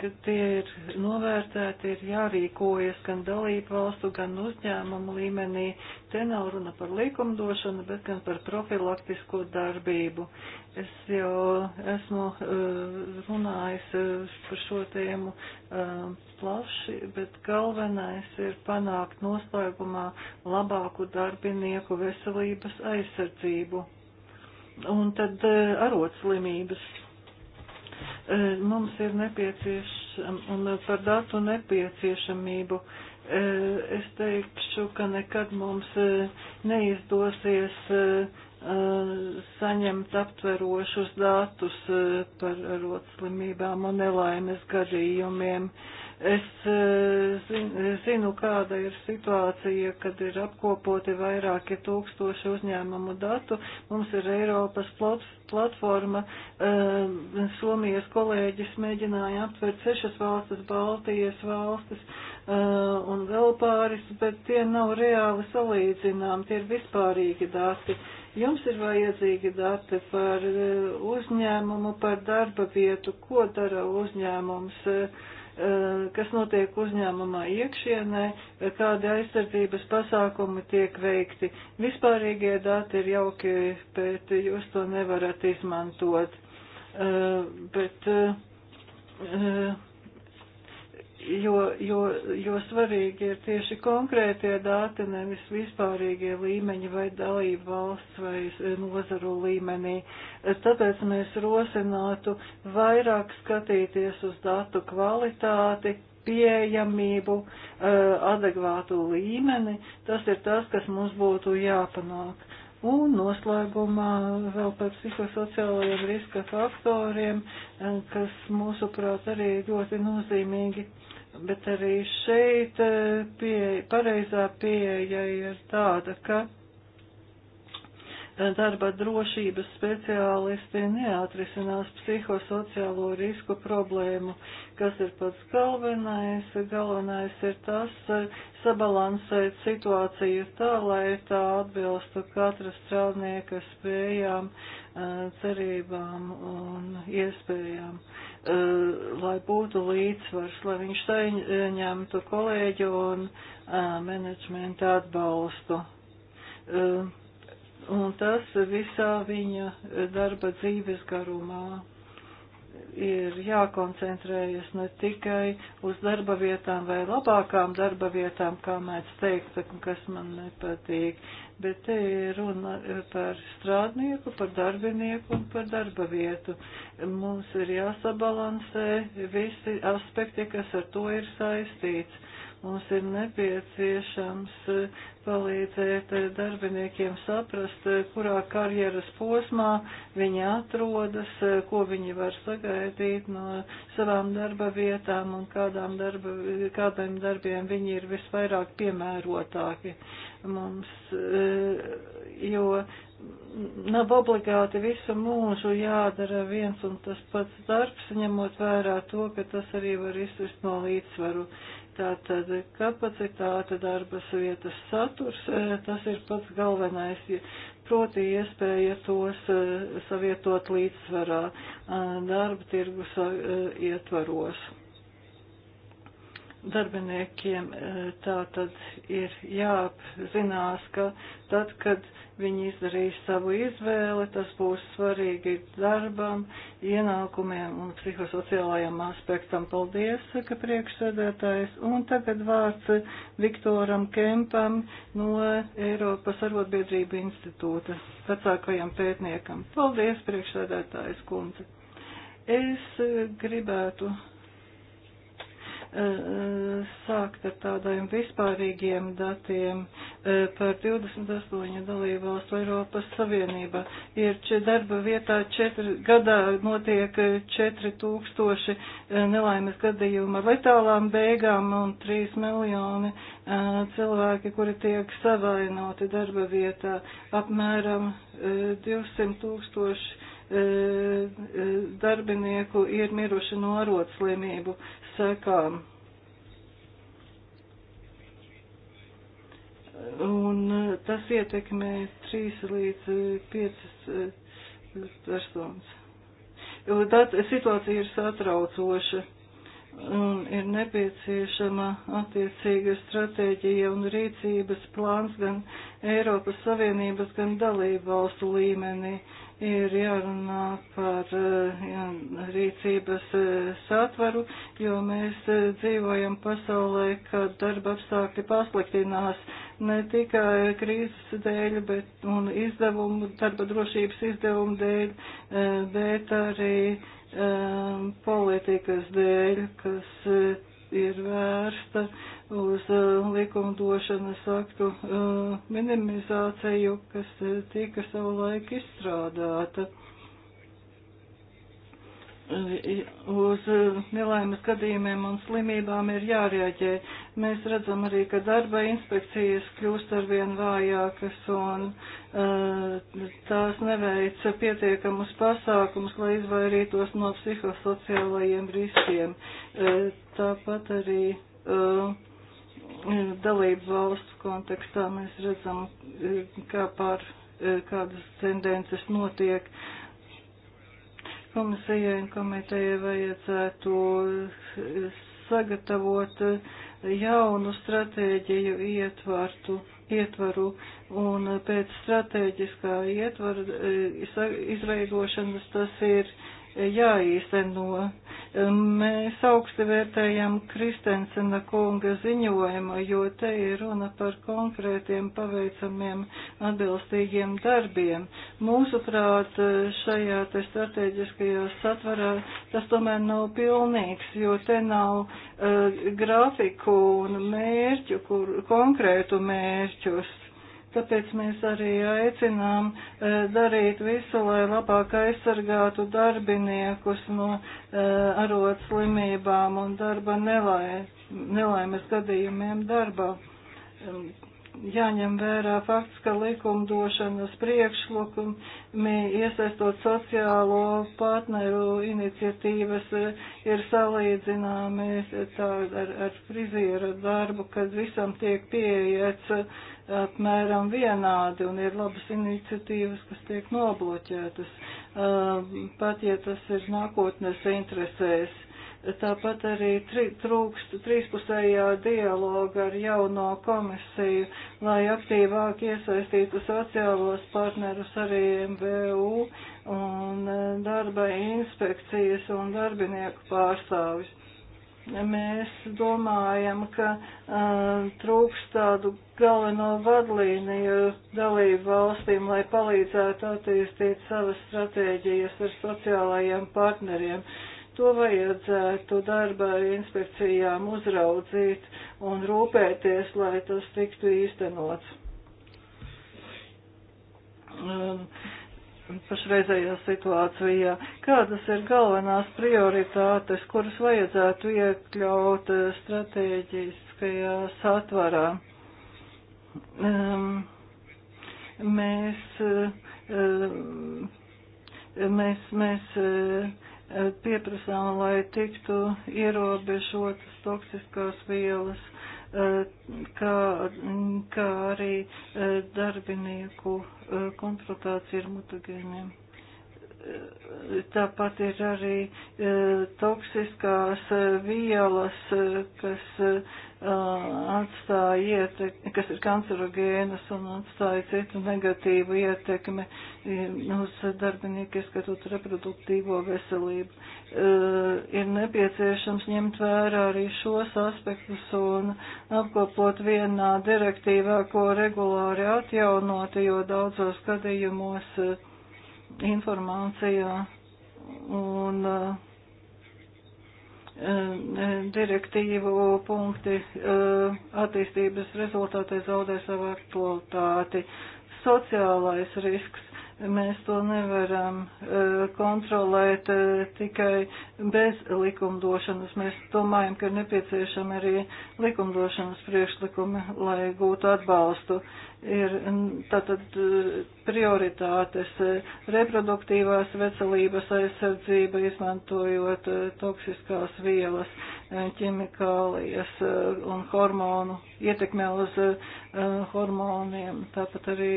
kad tie ir novērtēti, ir jārīkojas gan dalību valstu, gan uzņēmumu līmenī. Te nav runa par likumdošanu, bet gan par profilaktisko darbību. Es jau esmu eh, runājis eh, par šo tēmu eh, plaši, bet galvenais ir panākt noslēgumā labāku darbinieku veselības aizsardzību. Un tad arotslimības E, mums ir nepieciešama un par datu nepieciešamību. E, es teikšu, ka nekad mums e, neizdosies saņemt aptverošus datus par rotslimībām un nelaimes gadījumiem. Uh, Es e, e, zinu, kāda ir situācija, kad ir apkopoti vairāki tūkstoši uzņēmumu datu. Mums ir Eiropas platforma. E, Somijas kolēģis mēģināja aptvert sešas valstis, Baltijas valstis un vēl pāris, bet tie nav reāli salīdzinām, tie ir vispārīgi dati. Jums ir vajadzīgi dati par uzņēmumu, par darba vietu, ko dara uzņēmums. Uh, Eh, kas notiek uzņēmumā iekšienē, kādi aizsardzības pasākumi tiek veikti. Vispārīgie dati ir jauki, bet jūs to nevarat izmantot. Eh, bet eh, jo, jo, jo svarīgi ir tieši konkrētie dati, nevis vispārīgie līmeņi vai dalība valsts vai eh, nozaru līmenī. Tāpēc mēs rosinātu vairāk skatīties uz datu kvalitāti, pieejamību, eh, adekvātu līmeni. Tas ir tas, kas mums būtu jāpanāk. Un noslēgumā vēl par psihosociālajiem riska faktoriem, eh, kas mūsuprāt arī ļoti nozīmīgi. Bet arī šeit eh, pieeja, pareizā pieeja ir tāda, ka eh, darba drošības speciālisti neatrisinās psihosociālo risku problēmu, kas ir pats galvenais. Galvenais ir tas eh, sabalansēt situāciju tā, lai tā atbilstu katra strādnieka spējām, cerībām un iespējām. Eh, lai būtu līdzsvars, lai viņš saņemtu kolēģi un eh, menedžmenta atbalstu. Eh, un tas visā viņa darba dzīves garumā ir jākoncentrējas ne tikai uz darba vietām vai labākām darba vietām, kā mēs teiktu, kas man nepatīk, bet te ir runa par strādnieku, par darbinieku un par darba vietu. Mums ir jāsabalansē visi aspekti, kas ar to ir saistīts. Mums ir nepieciešams eh, palīdzēt eh, darbiniekiem saprast, eh, kurā karjeras posmā viņi atrodas, ko viņi var sagaidīt no savām darba vietām un kādām darba, kādiem darbiem viņi ir visvairāk piemērotāki mums, jo nav obligāti visu mūžu jādara viens un tas pats darbs, ņemot vērā to, ka tas arī var izvest no līdzsvaru. Tātad kapacitāte, darbas vietas saturs, e, tas ir pats galvenais, proti iespēja tos e, savietot līdzsvarā e, darba tirgus ietvaros darbiniekiem e, tā tad ir jāapzinās, ka tad, kad viņi izdarīs savu izvēli, tas būs svarīgi darbam, ienākumiem un psihosociālajam aspektam. Paldies, saka priekšsēdētājs. Un tagad vārds Viktoram Kempam no Eiropas arotbiedrību institūta vecākajam pētniekam. Paldies, priekšsēdētājs kundze. Es gribētu Eh, eh, sākt ar tādiem vispārīgiem datiem eh, par 28 dalībvalstu Eiropas Savienībā. Ir darba vietā četri, gadā notiek 4000 nelaimes gadījumu ar letālām beigām un 3 miljoni cilvēki, kuri tiek savainoti darba vietā. Apmēram 200 tūkstoši darbinieku ir miruši no arotslimību sekām. Un e, tas ietekmē 3 līdz 5 e, e, personas. Tad situācija ir satraucoša un ir nepieciešama attiecīga stratēģija un rīcības plāns gan Eiropas Savienības, gan dalību valstu līmenī ir jārunā par eh, jā, rīcības eh, satvaru, jo mēs eh, dzīvojam pasaulē, kad darba apstākļi pasliktinās ne tikai krīzes dēļ, bet un izdevumu, darba drošības izdevumu dēļ, bet arī um, politikas dēļ, kas ir vērsta uz eh, likumdošanas aktu eh, minimizāciju, kas eh, tika savulaik izstrādāta uz nelaimes gadījumiem un slimībām ir jārēģē. Mēs redzam arī, ka darba inspekcijas kļūst arvien vājākas un uh, tās neveica pietiekamus pasākumus, lai izvairītos no psihosociālajiem riskiem. Uh, tāpat arī uh, dalību valstu kontekstā mēs redzam, e, kā pār e, kādas tendences notiek. Komisijai un komitejai vajadzētu e, sagatavot jaunu stratēģiju ietvartu, ietvaru un pēc stratēģiskā ietvara izveidošanas tas ir jāīsteno. Um, mēs augsti vērtējam Kristensena kunga ziņojumu, jo te ir runa par konkrētiem paveicamiem atbilstīgiem darbiem. Mūsuprāt, šajā te strateģiskajā satvarā tas tomēr nav pilnīgs, jo te nav uh, grafiku un mērķu, kur konkrētu mērķus Tāpēc mēs arī aicinām eh, darīt visu, lai labāk aizsargātu darbiniekus no eh, arot slimībām un darba nelaimes gadījumiem darbā jāņem vērā fakts, ka likumdošanas priekšlikumi, iesaistot sociālo partneru iniciatīvas, eh, ir salīdzināmi tā, ar, ar friziera darbu, kad visam tiek pieejams apmēram vienādi un ir labas iniciatīvas, kas tiek nobloķētas, um, pat ja tas ir nākotnes interesēs. Tāpat arī tri, trūkst trīspusējā dialoga ar jauno komisiju, lai aktīvāk iesaistītu sociālos partnerus arī MVU un uh, darba inspekcijas un darbinieku pārstāvis Mēs domājam, ka uh, trūks tādu galveno vadlīniju dalību valstīm, lai palīdzētu attīstīt savas stratēģijas ar sociālajiem partneriem. To vajadzētu darba inspekcijām uzraudzīt un rūpēties, lai tas tiktu īstenots. Um, uh, pašreizējā situācijā. Kādas ir galvenās prioritātes, kuras vajadzētu iekļaut eh, stratēģiskajā satvarā? Um, mēs, um, mēs, mēs eh, pieprasām, lai tiktu ierobežotas toksiskās vielas kā, kā arī eh, darbinieku eh, konsultācija ar mutagēniem. Tāpat ir arī e, toksiskās e, vielas, e, kas atstāja ietekmi, kas ir kancerogēnas un atstāja citu negatīvu ietekmi uz darbinieku, ieskatot reproduktīvo veselību. Ir nepieciešams ņemt vērā arī šos aspektus un apkopot vienā direktīvā, ko regulāri atjaunot, jo daudzos gadījumos informācija un eh, eh, direktīvu punkti eh, attīstības rezultātē zaudē savu aktualitāti. Sociālais risks mēs to nevaram kontrolēt tikai bez likumdošanas. Mēs domājam, ka ir nepieciešami arī likumdošanas priekšlikumi, lai gūtu atbalstu ir tātad e, prioritātes e, reproduktīvās veselības aizsardzība, izmantojot e, toksiskās vielas, ķimikālijas un hormonu, ietekmē uz hormoniem, tāpat arī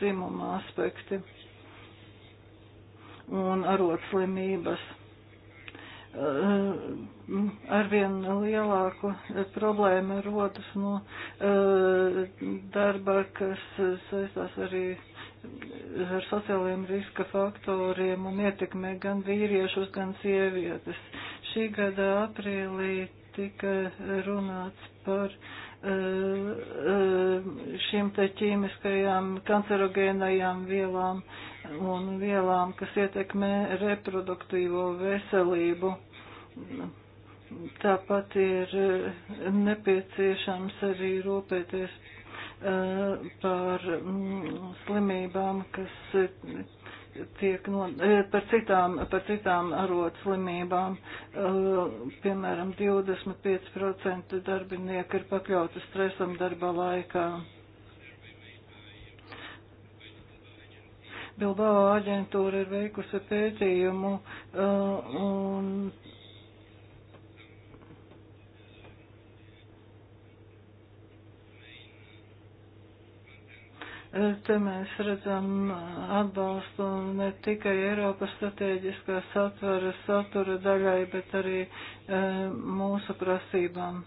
dzimuma aspekti un arotslimības. Eh, arvien lielāku eh, problēmu rodas no eh, darba, kas saistās arī ar sociālajiem riska faktoriem un ietekmē gan vīriešus, gan sievietes. Šī gada aprīlī tika runāts par šīm te ķīmiskajām kancerogēnajām vielām un vielām, kas ietekmē reproduktīvo veselību. Tāpat ir eh, nepieciešams arī rūpēties eh, par mm, slimībām, kas eh, tiek no, par citām, par citām arot slimībām. Piemēram, 25% darbinieki ir pakļauti stresam darba laikā. Bilbao aģentūra ir veikusi pētījumu uh, un uh, Te mēs redzam atbalstu ne tikai Eiropas strateģiskā satvara satura daļai, bet arī e, mūsu prasībām.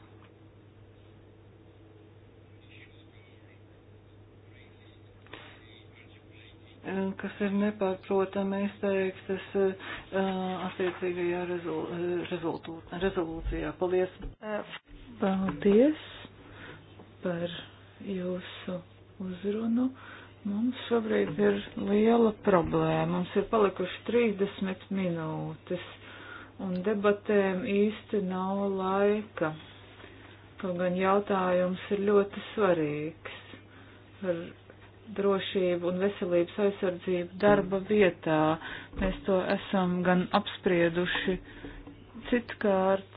kas ir nepārprotami izteiktas eh, attiecīgajā rezolūcijā. Paldies! Paldies par jūsu uzrunu. Mums šobrīd ir liela problēma. Mums ir palikuši 30 minūtes, un debatēm īsti nav laika. Kaut gan jautājums ir ļoti svarīgs par drošību un veselības aizsardzību darba vietā. Mēs to esam gan apsprieduši citkārt,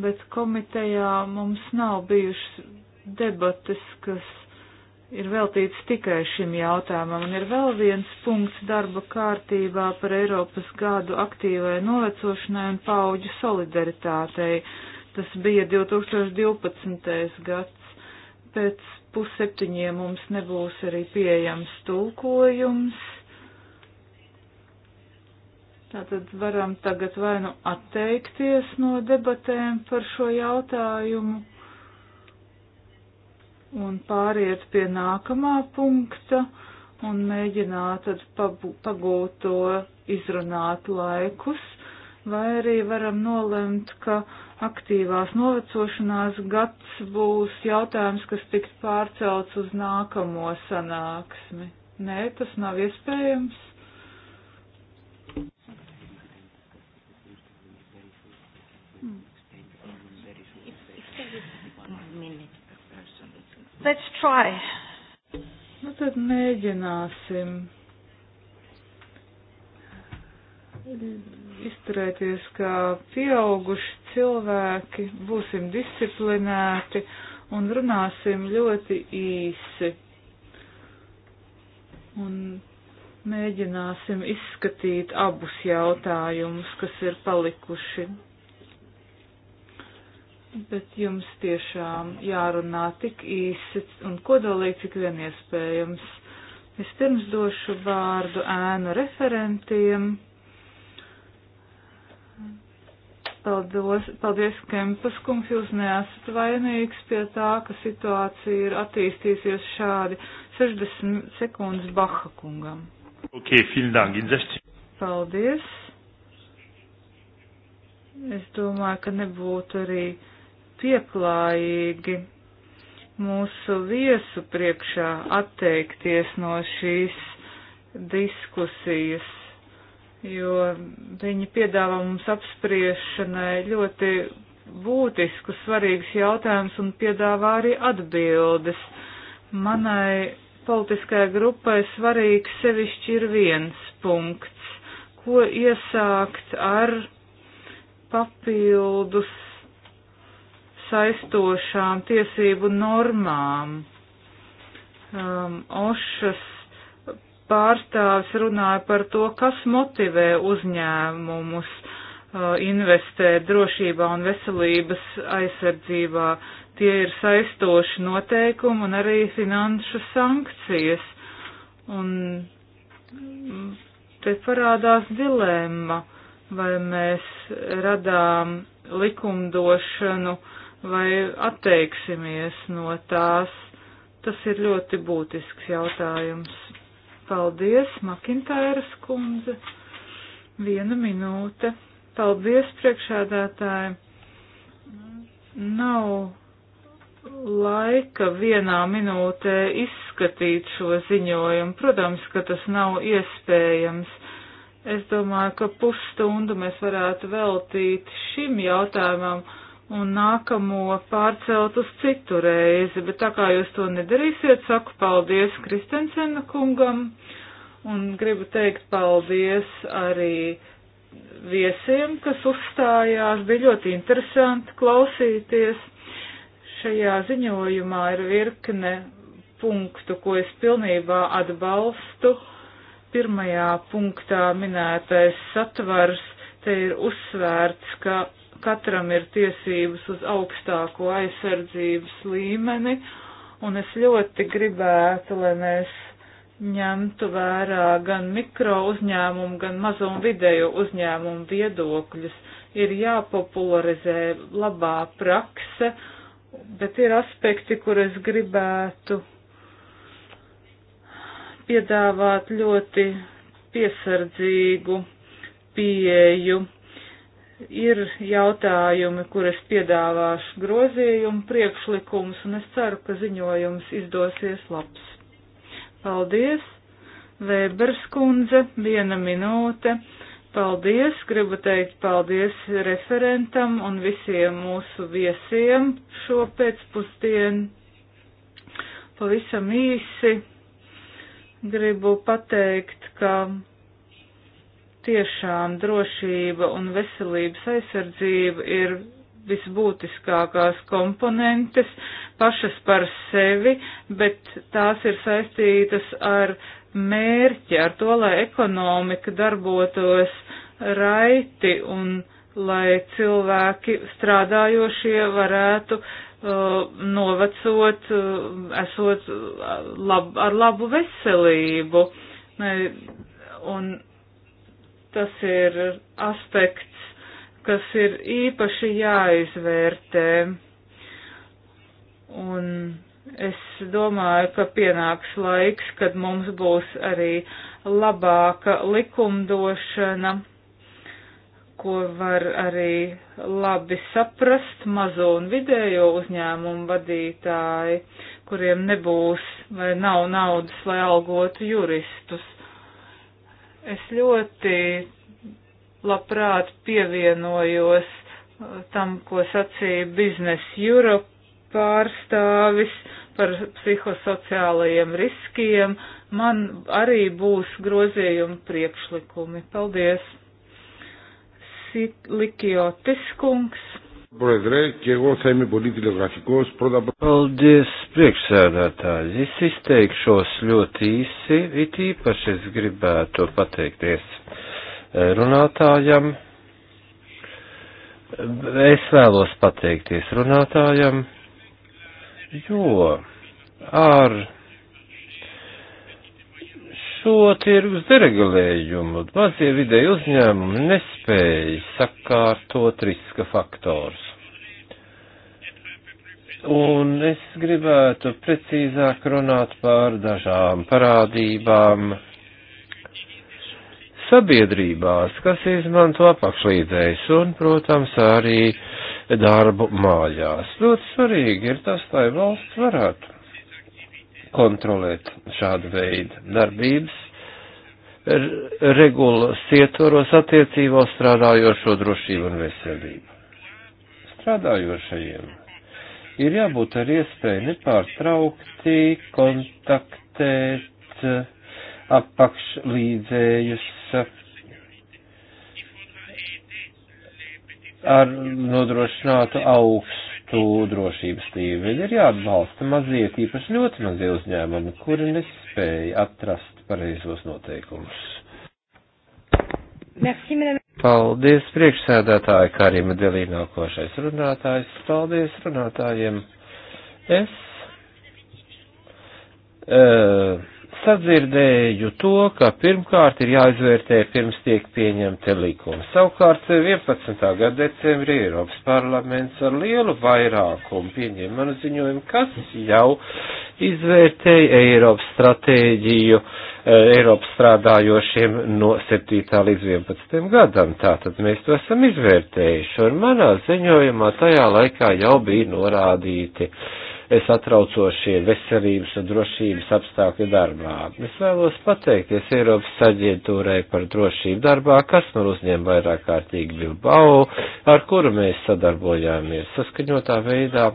bet komitejā mums nav bijušas debates, kas ir veltīts tikai šim jautājumam. Un ir vēl viens punkts darba kārtībā par Eiropas gadu aktīvai novecošanai un pauģu solidaritātei. Tas bija 2012. gads. Pēc pusseptiņiem mums nebūs arī pieejams tulkojums. Tātad varam tagad vai nu atteikties no debatēm par šo jautājumu un pāriet pie nākamā punkta un mēģināt tad pagūt to izrunāt laikus vai arī varam nolemt, ka aktīvās novecošanās gads būs jautājums, kas tiks pārcelts uz nākamo sanāksmi. Nē, tas nav iespējams. Let's try. Nu tad mēģināsim. Mm izturēties kā pieauguši cilvēki, būsim disciplinēti un runāsim ļoti īsi. Un mēģināsim izskatīt abus jautājumus, kas ir palikuši. Bet jums tiešām jārunā tik īsi un kodolīgi, cik vien iespējams. Vispirms došu vārdu ēnu referentiem. Paldos, paldies, Kempas kungs, jūs neesat vainīgs pie tā, ka situācija ir attīstīsies šādi. 60 sekundes Baha kungam. Ok, filmdang, investi. Paldies. Es domāju, ka nebūtu arī pieklājīgi mūsu viesu priekšā atteikties no šīs diskusijas jo viņi piedāvā mums apspriešanai ļoti būtisku, svarīgus jautājumus un piedāvā arī atbildes. Manai politiskajai grupai svarīgs sevišķi ir viens punkts, ko iesākt ar papildus saistošām tiesību normām. Um, Ošas pārstāvis runāja par to, kas motivē uzņēmumus uh, investēt drošībā un veselības aizsardzībā. Tie ir saistoši noteikumi un arī finanšu sankcijas. Un mm, te parādās dilemma, vai mēs radām likumdošanu vai atteiksimies no tās. Tas ir ļoti būtisks jautājums. Paldies, Makintēras kundze. Viena minūte. Paldies, priekšādātāji. Nav laika vienā minūtē izskatīt šo ziņojumu. Protams, ka tas nav iespējams. Es domāju, ka pusstundu mēs varētu veltīt šim jautājumam un nākamo pārcelt uz citu reizi, bet tā kā jūs to nedarīsiet, saku paldies Kristensena kungam un gribu teikt paldies arī viesiem, kas uzstājās, bija ļoti interesanti klausīties. Šajā ziņojumā ir virkne punktu, ko es pilnībā atbalstu. Pirmajā punktā minētais satvars te ir uzsvērts, ka katram ir tiesības uz augstāko aizsardzības līmeni, un es ļoti gribētu, lai mēs ņemtu vērā gan mikro uzņēmumu, gan mazo un vidējo uzņēmumu viedokļus. Ir jāpopularizē labā prakse, bet ir aspekti, kur es gribētu piedāvāt ļoti piesardzīgu pieeju ir jautājumi, kur es piedāvāšu grozījumu priekšlikumus, un es ceru, ka ziņojums izdosies labs. Paldies, Vēbers kundze, viena minūte. Paldies, gribu teikt paldies referentam un visiem mūsu viesiem šo pēcpusdienu. Pavisam īsi gribu pateikt, ka Tiešām drošība un veselības aizsardzība ir visbūtiskākās komponentes pašas par sevi, bet tās ir saistītas ar mērķi, ar to, lai ekonomika darbotos raiti un lai cilvēki strādājošie varētu uh, novecot, uh, esot uh, lab, ar labu veselību. Ne, un Tas ir aspekts, kas ir īpaši jāizvērtē. Un es domāju, ka pienāks laiks, kad mums būs arī labāka likumdošana, ko var arī labi saprast mazo un vidējo uzņēmumu vadītāji, kuriem nebūs vai nav naudas, lai algotu juristus. Es ļoti labprāt pievienojos uh, tam, ko sacīja biznesa Europe pārstāvis par psihosociālajiem riskiem. Man arī būs grozījumi priekšlikumi. Paldies! Likiotis kungs. Proedrē, ja go saimi politilegāfikos, protā... Paldies, priekšsēdētāji. Es izteikšos ļoti īsi, it īpaši es gribētu pateikties eh, runātājam. Es vēlos pateikties runātājam, jo ar šo tirgus deregulējumu. Mazie vidēji uzņēmumi nespēja sakārtot riska faktors. Un es gribētu precīzāk runāt par dažām parādībām sabiedrībās, kas izmanto apakšlīdzējus un, protams, arī darbu mājās. Ļoti svarīgi ir tas, lai valsts varētu kontrolēt šādu veidu darbības. Regulas ietvaros attiecībā strādājošo drošību un veselību. Strādājošajiem ir jābūt ar iespēju nepārtraukti kontaktēt apakšlīdzējus ar nodrošinātu augstu citu drošības līmeni. Ir jāatbalsta mazie, īpaši ļoti mazie uzņēmumi, kuri nespēja atrast pareizos noteikumus. Merci, madame. Paldies, priekšsēdētāji Karima Delī nākošais runātājs. Paldies runātājiem. Es. Uh, sadzirdēju to, ka pirmkārt ir jāizvērtē pirms tiek pieņemta likuma. Savukārt 11. gada decembrī Eiropas parlaments ar lielu vairākumu pieņēma manu ziņojumu, kas jau izvērtēja Eiropas stratēģiju eh, Eiropas strādājošiem no 7. līdz 11. gadam. Tātad mēs to esam izvērtējuši, un manā ziņojumā tajā laikā jau bija norādīti satraucošie veselības un drošības apstākļi darbā. Es vēlos pateikties Eiropas aģentūrai par drošību darbā, kas man uzņem vairāk kārtīgi Bilbao, ar kuru mēs sadarbojāmies saskaņotā veidā,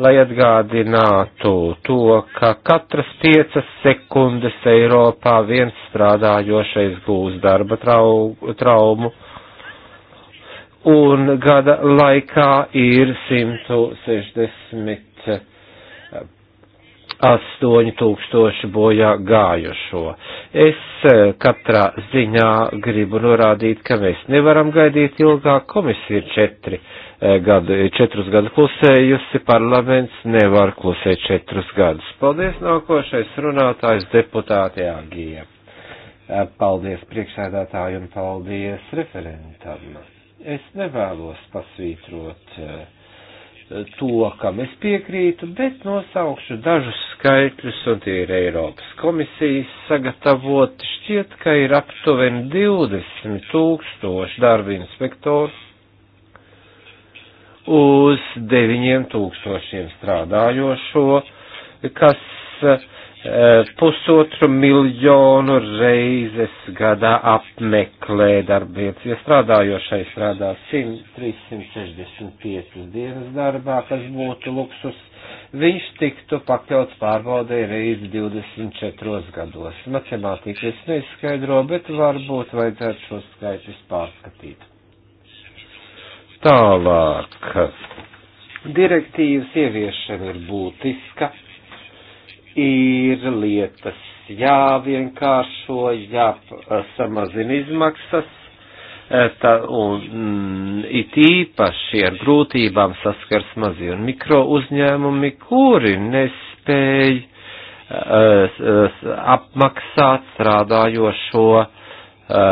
lai atgādinātu to, ka katras piecas sekundes Eiropā viens strādājošais gūs darba trau, traumu un gada laikā ir 160 8000 bojā gājušo. Es eh, katrā ziņā gribu norādīt, ka mēs nevaram gaidīt ilgāk. Komisija ir četri eh, gadu, četrus gadu klusējusi, parlaments nevar klusēt četrus gadus. Paldies nākošais runātājs deputāte Agija. Eh, paldies priekšsēdētāju un paldies referentam. Es nevēlos pasvītrot uh, to, kam es piekrītu, bet nosaukšu dažus skaitļus, un tie ir Eiropas komisijas sagatavoti. Šķiet, ka ir aptuveni 20 tūkstoši darba inspektoru uz 9 tūkstošiem strādājošo, kas Eh, pusotru miljonu reizes gadā apmeklē darbvietas, jo strādājošai strādā 100, 365 dienas darbā, kas būtu luksus. Viņš tiktu pakļauts pārbaudē reizi 24 gados. Matemātika es neizskaidro, bet varbūt vajadzētu šos skaitļus pārskatīt. Tālāk. Direktīvas ieviešana ir būtiska ir lietas jāvienkāršo, jāsamazina izmaksas, e, tā, un mm, it īpaši ar grūtībām saskars mazi un mikro uzņēmumi, kuri nespēj uh, uh, apmaksāt strādājošo uh,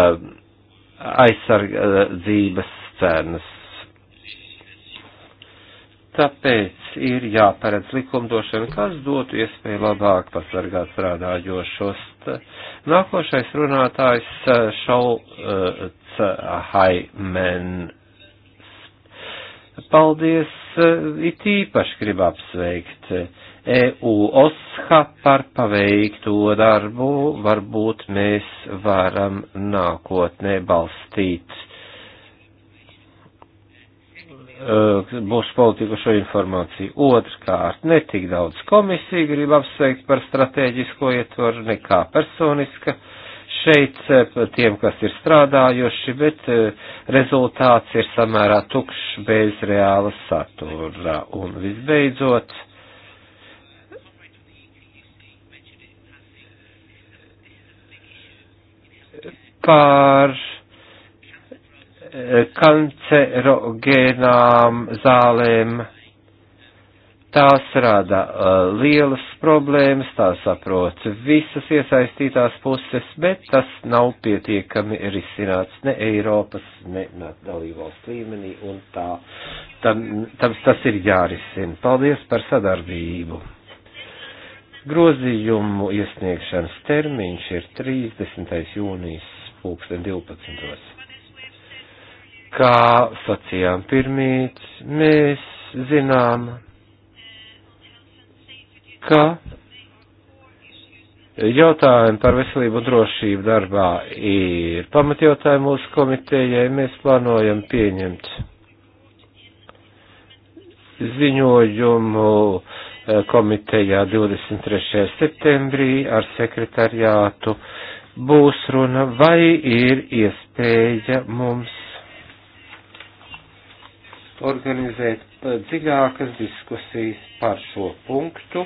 aizsardzības cenas. Tāpēc ir jāparedz likumdošana, kas dotu iespēju labāk pasargāt strādājošos. Nākošais runātājs eh, Šauts eh, Haimen. Paldies, eh, it īpaši grib apsveikt EU e OSHA par paveikto darbu, varbūt mēs varam nākotnē balstīt Uh, mūsu politiku šo informāciju. Otrkārt, netik daudz komisija grib apsveikt par strateģisko ietvaru nekā personiska. Šeit uh, tiem, kas ir strādājuši, bet uh, rezultāts ir samērā tukšs bez reāla satura. Un visbeidzot, par kancerogēnām zālēm. Tās rada uh, lielas problēmas, tās saprot visas iesaistītās puses, bet tas nav pietiekami risināts ne Eiropas, ne, ne dalībvalsts līmenī, un tā, tam, tam, tas ir jārisina. Paldies par sadarbību! Grozījumu iesniegšanas termiņš ir 30. jūnijas 2012 kā sacījām pirmīt, mēs zinām, ka jautājumi par veselību un drošību darbā ir pamatjautājumi mūsu komitejai. Mēs plānojam pieņemt ziņojumu eh, komitejā 23. septembrī ar sekretariātu būs runa, vai ir iespēja mums organizēt eh, dziļākas diskusijas par šo punktu.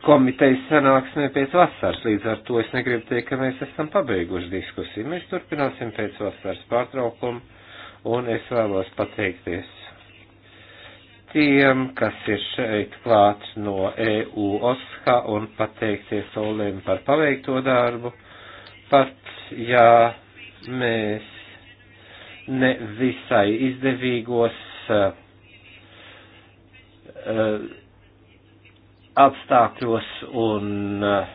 Komitejas sanāksmē pēc vasaras, līdz ar to es negribu teikt, ka mēs esam pabeiguši diskusiju. Mēs turpināsim pēc vasaras pārtraukumu, un es vēlos pateikties tiem, kas ir šeit klāt no EU OSHA, un pateikties Olim par paveikto darbu, pat ja mēs ne visai izdevīgos eh, apstākļos un eh,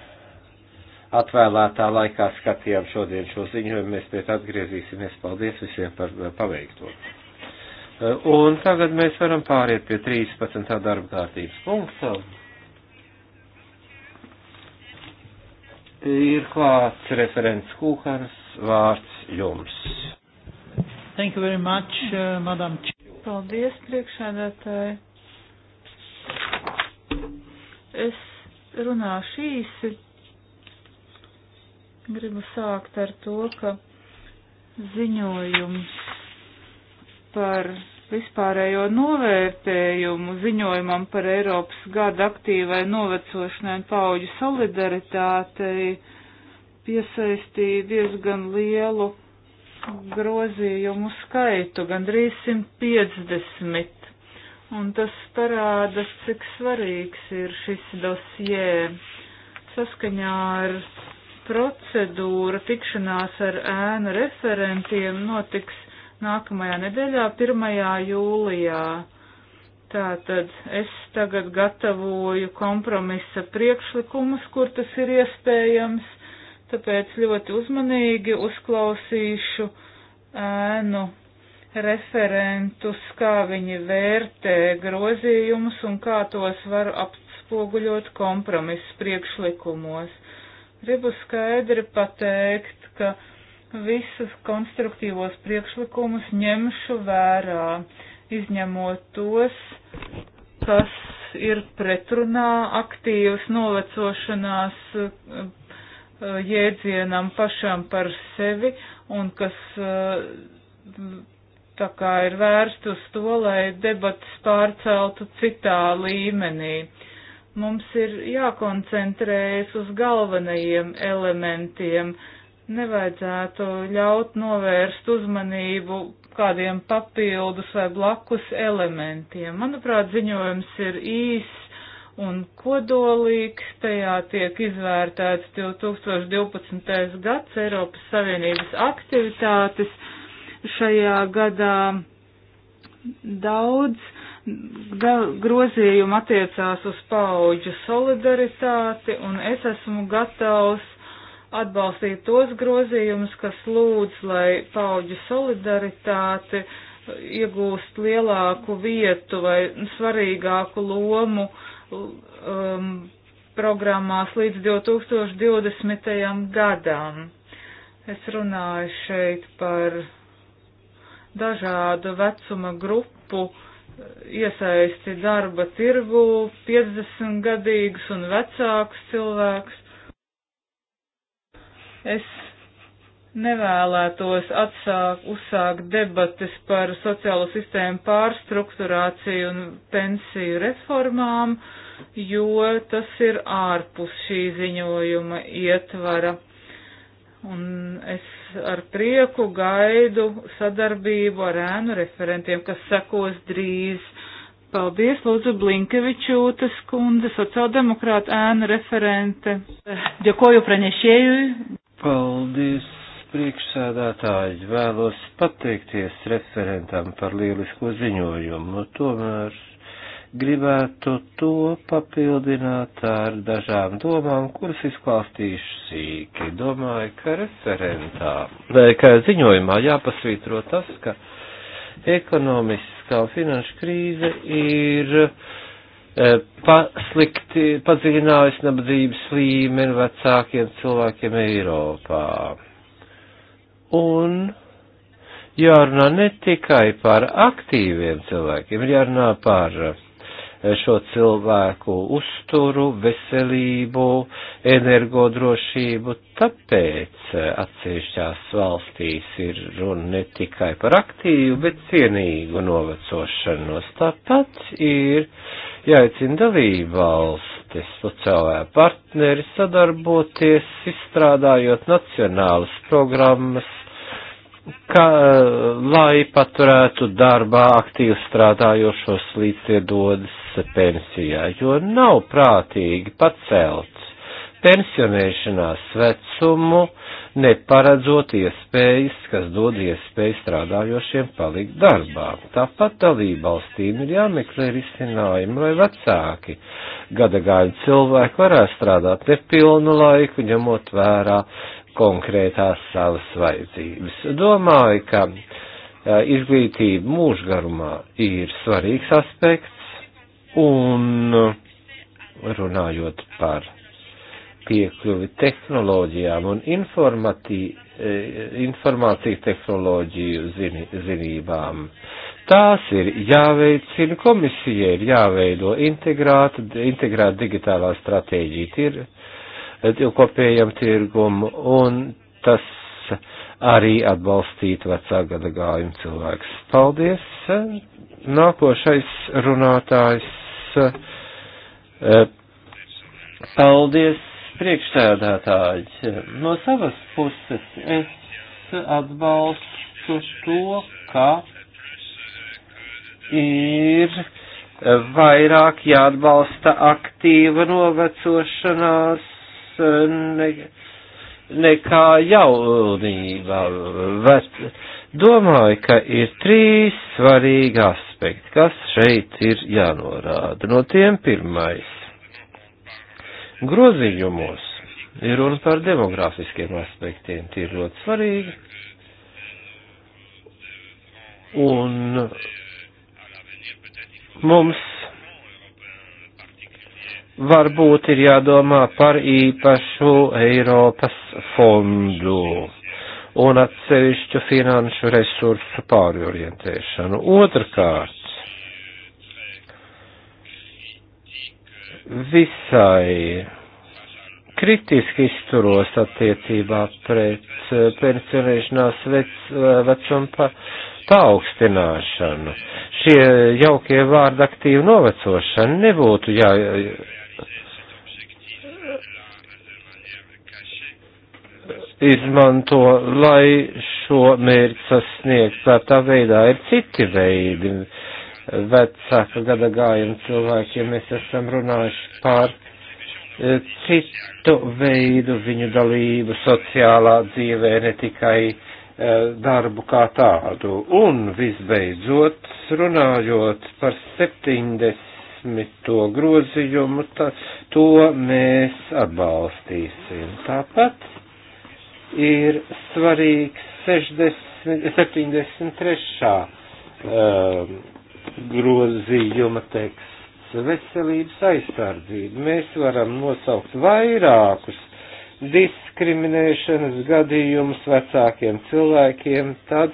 atvēlētā laikā skatījām šodien šo ziņojumu. Mēs pēc atgriezīsimies. Paldies visiem par eh, paveikto. Un tagad mēs varam pāriet pie 13. darba kārtības punkta. Ir klāts referents Kūkars, vārds jums. Thank you very much, uh, Madam Chair. Paldies, priekšsēdētāji. Es runāšu īsi. Gribu sākt ar to, ka ziņojums par vispārējo novērtējumu ziņojumam par Eiropas gada aktīvai novecošanai un pauģu solidaritātei piesaistīja diezgan lielu grozījumu skaitu, gandrīz 150. Un tas parāda, cik svarīgs ir šis dosjē. Saskaņā ar procedūru tikšanās ar ēnu referentiem notiks nākamajā nedēļā, 1. jūlijā. Tātad es tagad gatavoju kompromisa priekšlikumus, kur tas ir iespējams tāpēc ļoti uzmanīgi uzklausīšu ēnu referentus, kā viņi vērtē grozījumus un kā tos var apspoguļot kompromisu priekšlikumos. Gribu skaidri pateikt, ka visus konstruktīvos priekšlikumus ņemšu vērā, izņemot tos, kas ir pretrunā aktīvas novecošanās Uh, jēdzienam pašam par sevi un kas uh, tā kā ir vērst uz to, lai debatas pārceltu citā līmenī. Mums ir jākoncentrējas uz galvenajiem elementiem. Nevajadzētu ļaut novērst uzmanību kādiem papildus vai blakus elementiem. Manuprāt, ziņojums ir īss un kodolīgs. Tajā tiek izvērtēts 2012. gads Eiropas Savienības aktivitātes šajā gadā. Daudz grozījumu attiecās uz pauģu solidaritāti, un es esmu gatavs atbalstīt tos grozījumus, kas lūdz, lai pauģu solidaritāti iegūst lielāku vietu vai svarīgāku lomu uh, um, programmās līdz 2020. gadam. Es runāju šeit par dažādu vecuma grupu iesaisti darba tirgu, 50 gadīgus un vecākus cilvēkus. Es nevēlētos atsāk, uzsākt debates par sociālo sistēmu pārstrukturāciju un pensiju reformām, jo tas ir ārpus šī ziņojuma ietvara. Un es ar prieku gaidu sadarbību ar ēnu referentiem, kas sekos drīz. Paldies, Lūdzu, Blinkevičūtas kundze, sociāldemokrāta ēna referente. Ďakoju pranešēju. Paldies priekšsēdētāji, vēlos pateikties referentam par lielisko ziņojumu, tomēr gribētu to papildināt ar dažām domām, kuras izklāstīšu sīki. Domāju, ka referentā, vai ka ziņojumā jāpasvītro tas, ka ekonomiskā un finanšu krīze ir e, paslikti, padziļinājusi nabadzības līmeni vecākiem cilvēkiem Eiropā Un jārunā ne tikai par aktīviem cilvēkiem, ir jārunā par eh, šo cilvēku uzturu, veselību, energodrošību, tāpēc eh, atsevišķās valstīs ir runa ne tikai par aktīvu, bet cienīgu novecošanos. Tāpat ir jāicina dalība valstis, sociālajā partneri sadarboties, izstrādājot nacionālas programmas, ka, eh, lai paturētu darbā aktīvi strādājošos līdz tie dodas pensijā, jo nav prātīgi pacelt pensionēšanās vecumu, neparedzot iespējas, kas dod iespēju strādājošiem palikt darbā. Tāpat dalībvalstīm ir jāmeklē risinājumi, lai vecāki gadagāju cilvēki varētu strādāt nepilnu laiku, ņemot vērā konkrētās savas vajadzības. Domāju, ka izglītība mūžgarumā ir svarīgs aspekts un runājot par piekļuvi tehnoloģijām un informāciju tehnoloģiju zini, zinībām. Tās ir jāveicina komisijai, ir jāveido integrēta digitālā stratēģija. Ir, kopējam tirgumu, un tas arī atbalstītu vecā gada gājuma cilvēks. Paldies! Nākošais runātājs. Eh, paldies, priekšsēdētāji! No savas puses es atbalstu to, ka ir vairāk jāatbalsta aktīva novecošanās ne, nekā jaunībā. Bet domāju, ka ir trīs svarīgi aspekti, kas šeit ir jānorāda. No tiem pirmais. Grozījumos ir runa par demografiskiem aspektiem, tie ir ļoti svarīgi. Un mums varbūt ir jādomā par īpašu Eiropas fondu un atsevišķu finanšu resursu pārorientēšanu. Otrkārt, visai kritiski izturos attiecībā pret pensionēšanās vec, vecumu pa, paaugstināšanu. Šie jaukie vārdi aktīvi novecošana nebūtu jā, izmanto, lai šo mērķi sasniegtu. Tādā veidā ir citi veidi. Vecāka gada gājuma cilvēkiem mēs esam runājuši par e, citu veidu viņu dalību sociālā dzīvē, ne tikai e, darbu kā tādu. Un visbeidzot, runājot par 70. grozījumu, tā, to mēs atbalstīsim. Tāpat ir svarīgs 60, 73. Um, grozījuma teksts veselības aizsardzību. Mēs varam nosaukt vairākus diskriminēšanas gadījumus vecākiem cilvēkiem tad,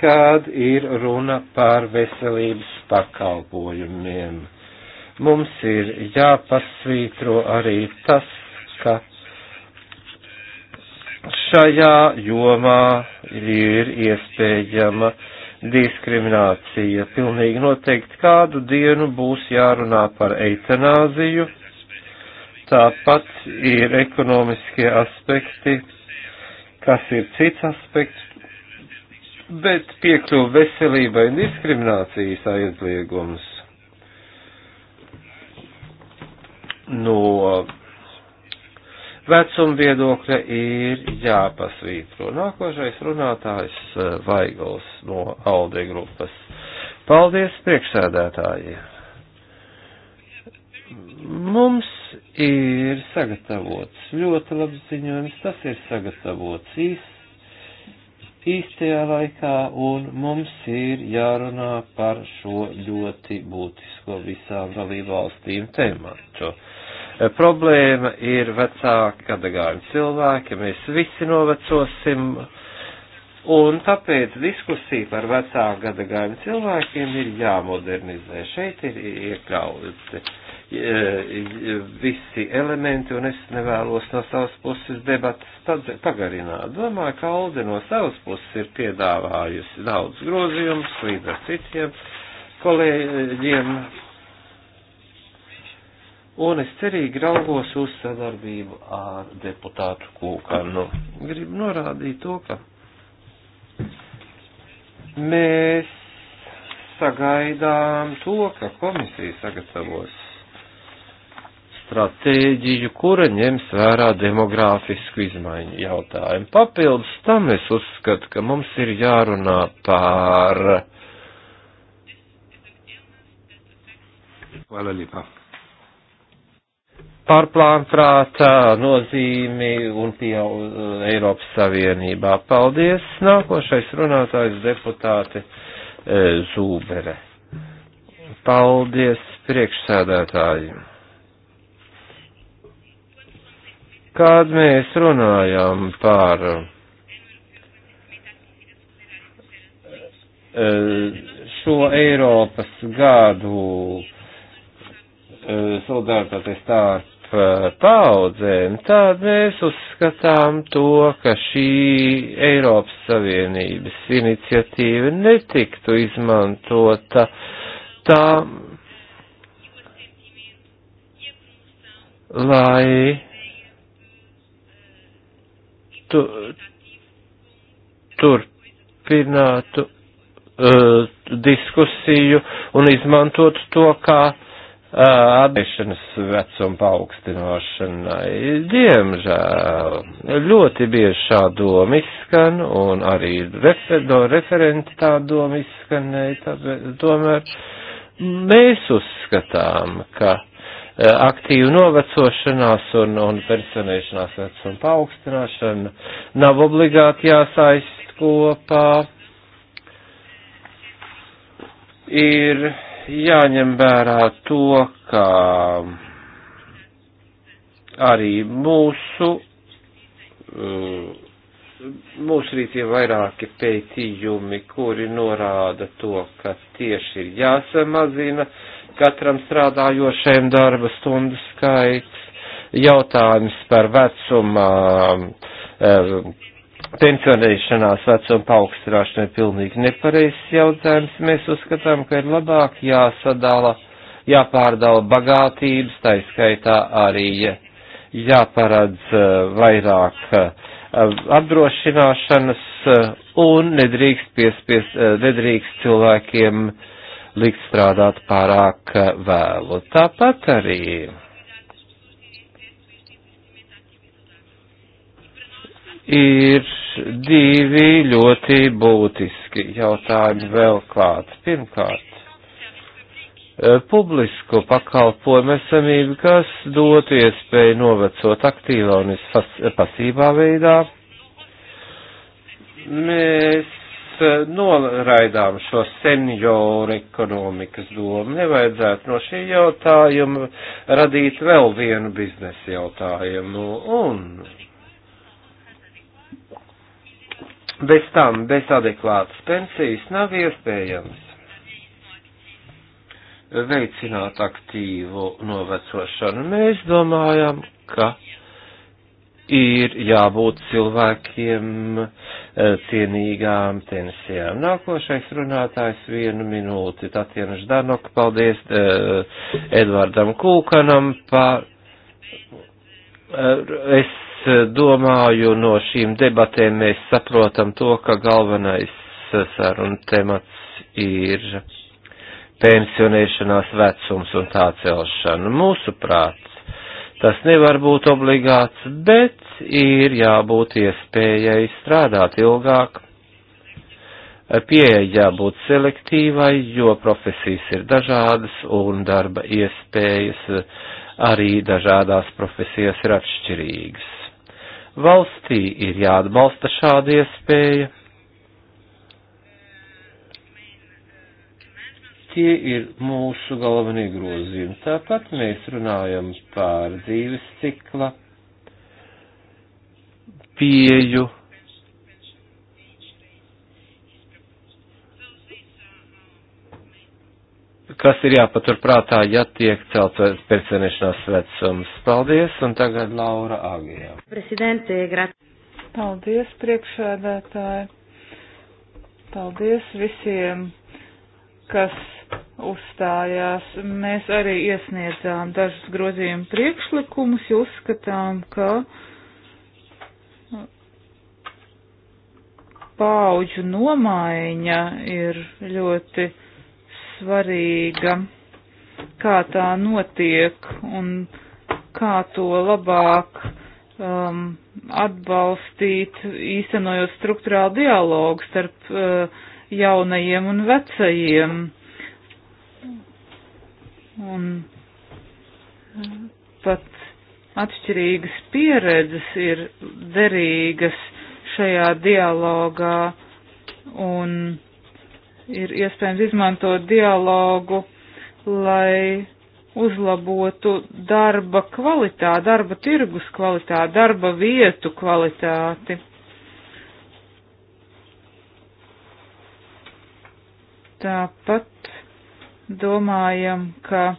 kad ir runa par veselības pakalpojumiem. Mums ir jāpasvītro arī tas, ka šajā jomā ir iespējama diskriminācija. Pilnīgi noteikti kādu dienu būs jārunā par eitanāziju. Tāpat ir ekonomiskie aspekti, kas ir cits aspekts, bet piekļuva veselībai un diskriminācijas aizliegums no vecuma viedokļa ir jāpasvītro. Nākošais runātājs eh, Vaigols no Alde grupas. Paldies priekšsēdētāji! Mums ir sagatavots ļoti labs ziņojums, tas ir sagatavots īs, īstajā laikā, un mums ir jārunā par šo ļoti būtisko visām dalībvalstīm tēmatu. Eh, problēma ir vecāki gadagājumi cilvēki, mēs visi novecosim, un tāpēc diskusija par vecāku gadagājumu cilvēkiem ir jāmodernizē. Šeit ir iekļauti eh, visi elementi, un es nevēlos no savas puses debatas pagarināt. Domāju, ka Alde no savas puses ir piedāvājusi daudz grozījumus līdz ar citiem kolēģiem un es cerīgi raugos uz sadarbību ar deputātu Kūkanu. Gribu norādīt to, ka mēs sagaidām to, ka komisija sagatavos stratēģiju, kura ņems vērā demogrāfisku izmaiņu jautājumu. Papildus tam es uzskatu, ka mums ir jārunā par. Hvala lijepa pārplānprātā nozīmi un pieaug Eiropas Savienībā. Paldies! Nākošais runātājs deputāte e, Zūbere. Paldies priekšsēdētājiem! Kad mēs runājam par e, šo Eiropas gadu e, solidaritātes stāstu starp eh, paudzēm, tad mēs uzskatām to, ka šī Eiropas Savienības iniciatīva netiktu izmantota tā, lai tu, turpinātu uh, diskusiju un izmantotu to kā atbildēšanas vecuma paaugstināšanai. Diemžēl ļoti bieži šā doma izskan, un arī refer no referenta tā doma izskanēja, tāpēc eh, tomēr mēs uzskatām, ka eh, aktīvu novecošanās un, un personēšanās vecuma paaugstināšana nav obligāti jāsaist kopā. Ir jāņem vērā to, ka arī mūsu, uh, mūsu rītī vairāki pētījumi, kuri norāda to, ka tieši ir jāsamazina katram strādājošajam darba stundu skaits, jautājums par vecumā, uh, pensionēšanās vecuma paaugstināšana ir pilnīgi nepareizs jautājums. Mēs uzskatām, ka ir labāk jāsadala, jāpārdala bagātības, tā skaitā arī jāparedz eh, vairāk eh, apdrošināšanas eh, un nedrīkst, piespies, nedrīkst cilvēkiem likt strādāt pārāk vēlu. Tāpat arī ir divi ļoti būtiski jautājumi vēl klāt. Pirmkārt, eh, publisko pakalpojumu esamību, kas dotu iespēju novecot aktīvā un pasīvā veidā. Mēs eh, noraidām šo senioru ekonomikas domu. Nevajadzētu no šī jautājuma radīt vēl vienu biznesa jautājumu. Un Bez tam, bez adekvātas pensijas nav iespējams veicināt aktīvu novecošanu. Mēs domājam, ka ir jābūt cilvēkiem e, cienīgām pensijām. Nākošais runātājs vienu minūti. Tatjana Ždanok, paldies e, Edvardam Kulkanam par. E, es Eh, domāju, no šīm debatēm mēs saprotam to, ka galvenais eh, saruna temats ir pensionēšanās vecums un tā celšana. Mūsuprāt, tas nevar būt obligāts, bet ir jābūt iespējai strādāt ilgāk. Pieeja jābūt selektīvai, jo profesijas ir dažādas un darba iespējas arī dažādās profesijās ir atšķirīgas. Valstī ir jāatbalsta šāda iespēja. Tie ir mūsu galvenie grozījumi. Tāpat mēs runājam par dzīves cikla pieju kas ir jāpatur prātā, ja tiek celts pensionēšanās vecums. Paldies, un tagad Laura Agijā. Prezidente, grat. Paldies, priekšādātāji. Paldies visiem, kas uzstājās. Mēs arī iesniedzām dažus grozījumu priekšlikumus, jo uzskatām, ka pauģu nomaiņa ir ļoti svarīga, kā tā notiek un kā to labāk um, atbalstīt, īstenojot struktūrālu dialogu starp uh, jaunajiem un vecajiem. Un pat atšķirīgas pieredzes ir derīgas šajā dialogā un ir iespējams izmantot dialogu, lai uzlabotu darba kvalitāti, darba tirgus kvalitāti, darba vietu kvalitāti. Tāpat domājam, ka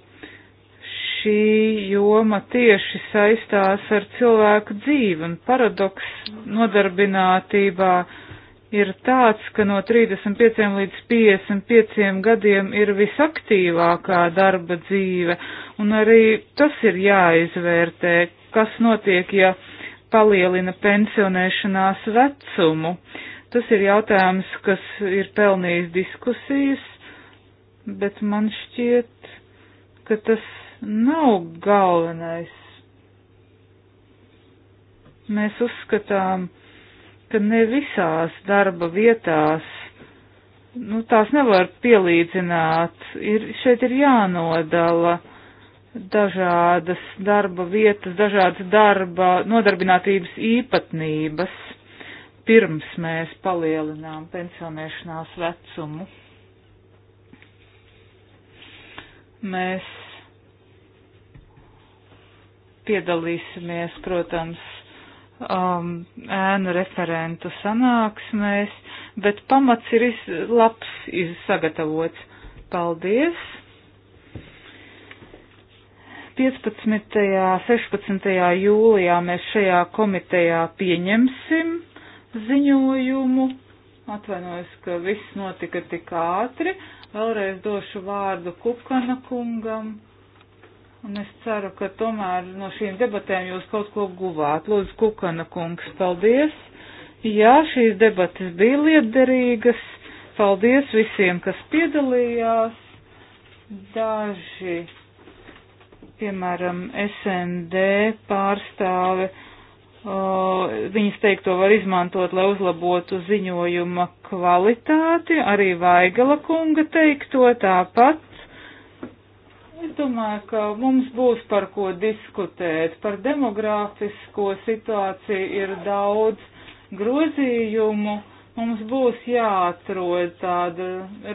šī joma tieši saistās ar cilvēku dzīvi un paradoks nodarbinātībā ir tāds, ka no 35 līdz 55 gadiem ir visaktīvākā darba dzīve, un arī tas ir jāizvērtē, kas notiek, ja palielina pensionēšanās vecumu. Tas ir jautājums, kas ir pelnījis diskusijas, bet man šķiet, ka tas nav galvenais. Mēs uzskatām, ka ne visās darba vietās, nu, tās nevar pielīdzināt, ir, šeit ir jānodala dažādas darba vietas, dažādas darba nodarbinātības īpatnības, pirms mēs palielinām pensionēšanās vecumu. Mēs piedalīsimies, protams, um, ēnu referentu sanāksmēs, bet pamats ir iz, labs, ir sagatavots. Paldies! 15. 16. jūlijā mēs šajā komitejā pieņemsim ziņojumu. Atvainojos, ka viss notika tik ātri. Vēlreiz došu vārdu Kukana kungam. Un es ceru, ka tomēr no šīm debatēm jūs kaut ko guvāt. Lūdzu, Kukana kungs, paldies! Jā, šīs debatas bija liederīgas. Paldies visiem, kas piedalījās. Daži, piemēram, SND pārstāve, viņas teikto var izmantot, lai uzlabotu ziņojuma kvalitāti, arī Vaigala kunga teikto tāpat Es domāju, ka mums būs par ko diskutēt. Par demogrāfisko situāciju ir daudz grozījumu. Mums būs jāatrod tāda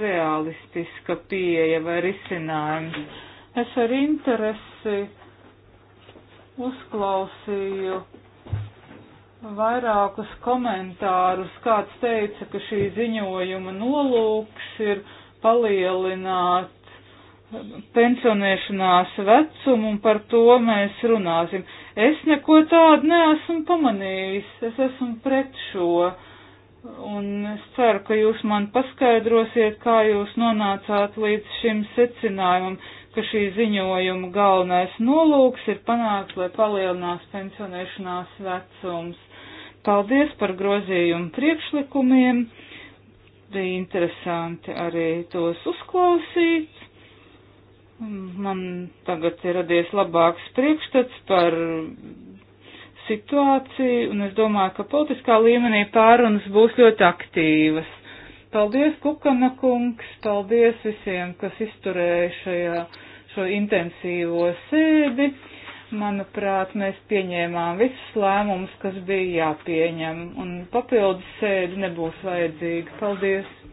realistiska pieeja vai risinājums. Es ar interesi uzklausīju vairākus komentārus. Kāds teica, ka šī ziņojuma nolūks ir palielināt pensionēšanās vecumu un par to mēs runāsim. Es neko tādu neesmu pamanījis, es esmu pret šo un es ceru, ka jūs man paskaidrosiet, kā jūs nonācāt līdz šim secinājumam, ka šī ziņojuma galvenais nolūks ir panākt, lai palielinās pensionēšanās vecums. Paldies par grozījumu priekšlikumiem, bija interesanti arī tos uzklausīt Man tagad ir radies labāks priekšstats par situāciju, un es domāju, ka politiskā līmenī pārunas būs ļoti aktīvas. Paldies, Kukana kungs, paldies visiem, kas izturēja šajā, šo intensīvo sēdi. Manuprāt, mēs pieņēmām visus lēmumus, kas bija jāpieņem, un papildus sēdi nebūs vajadzīga. Paldies!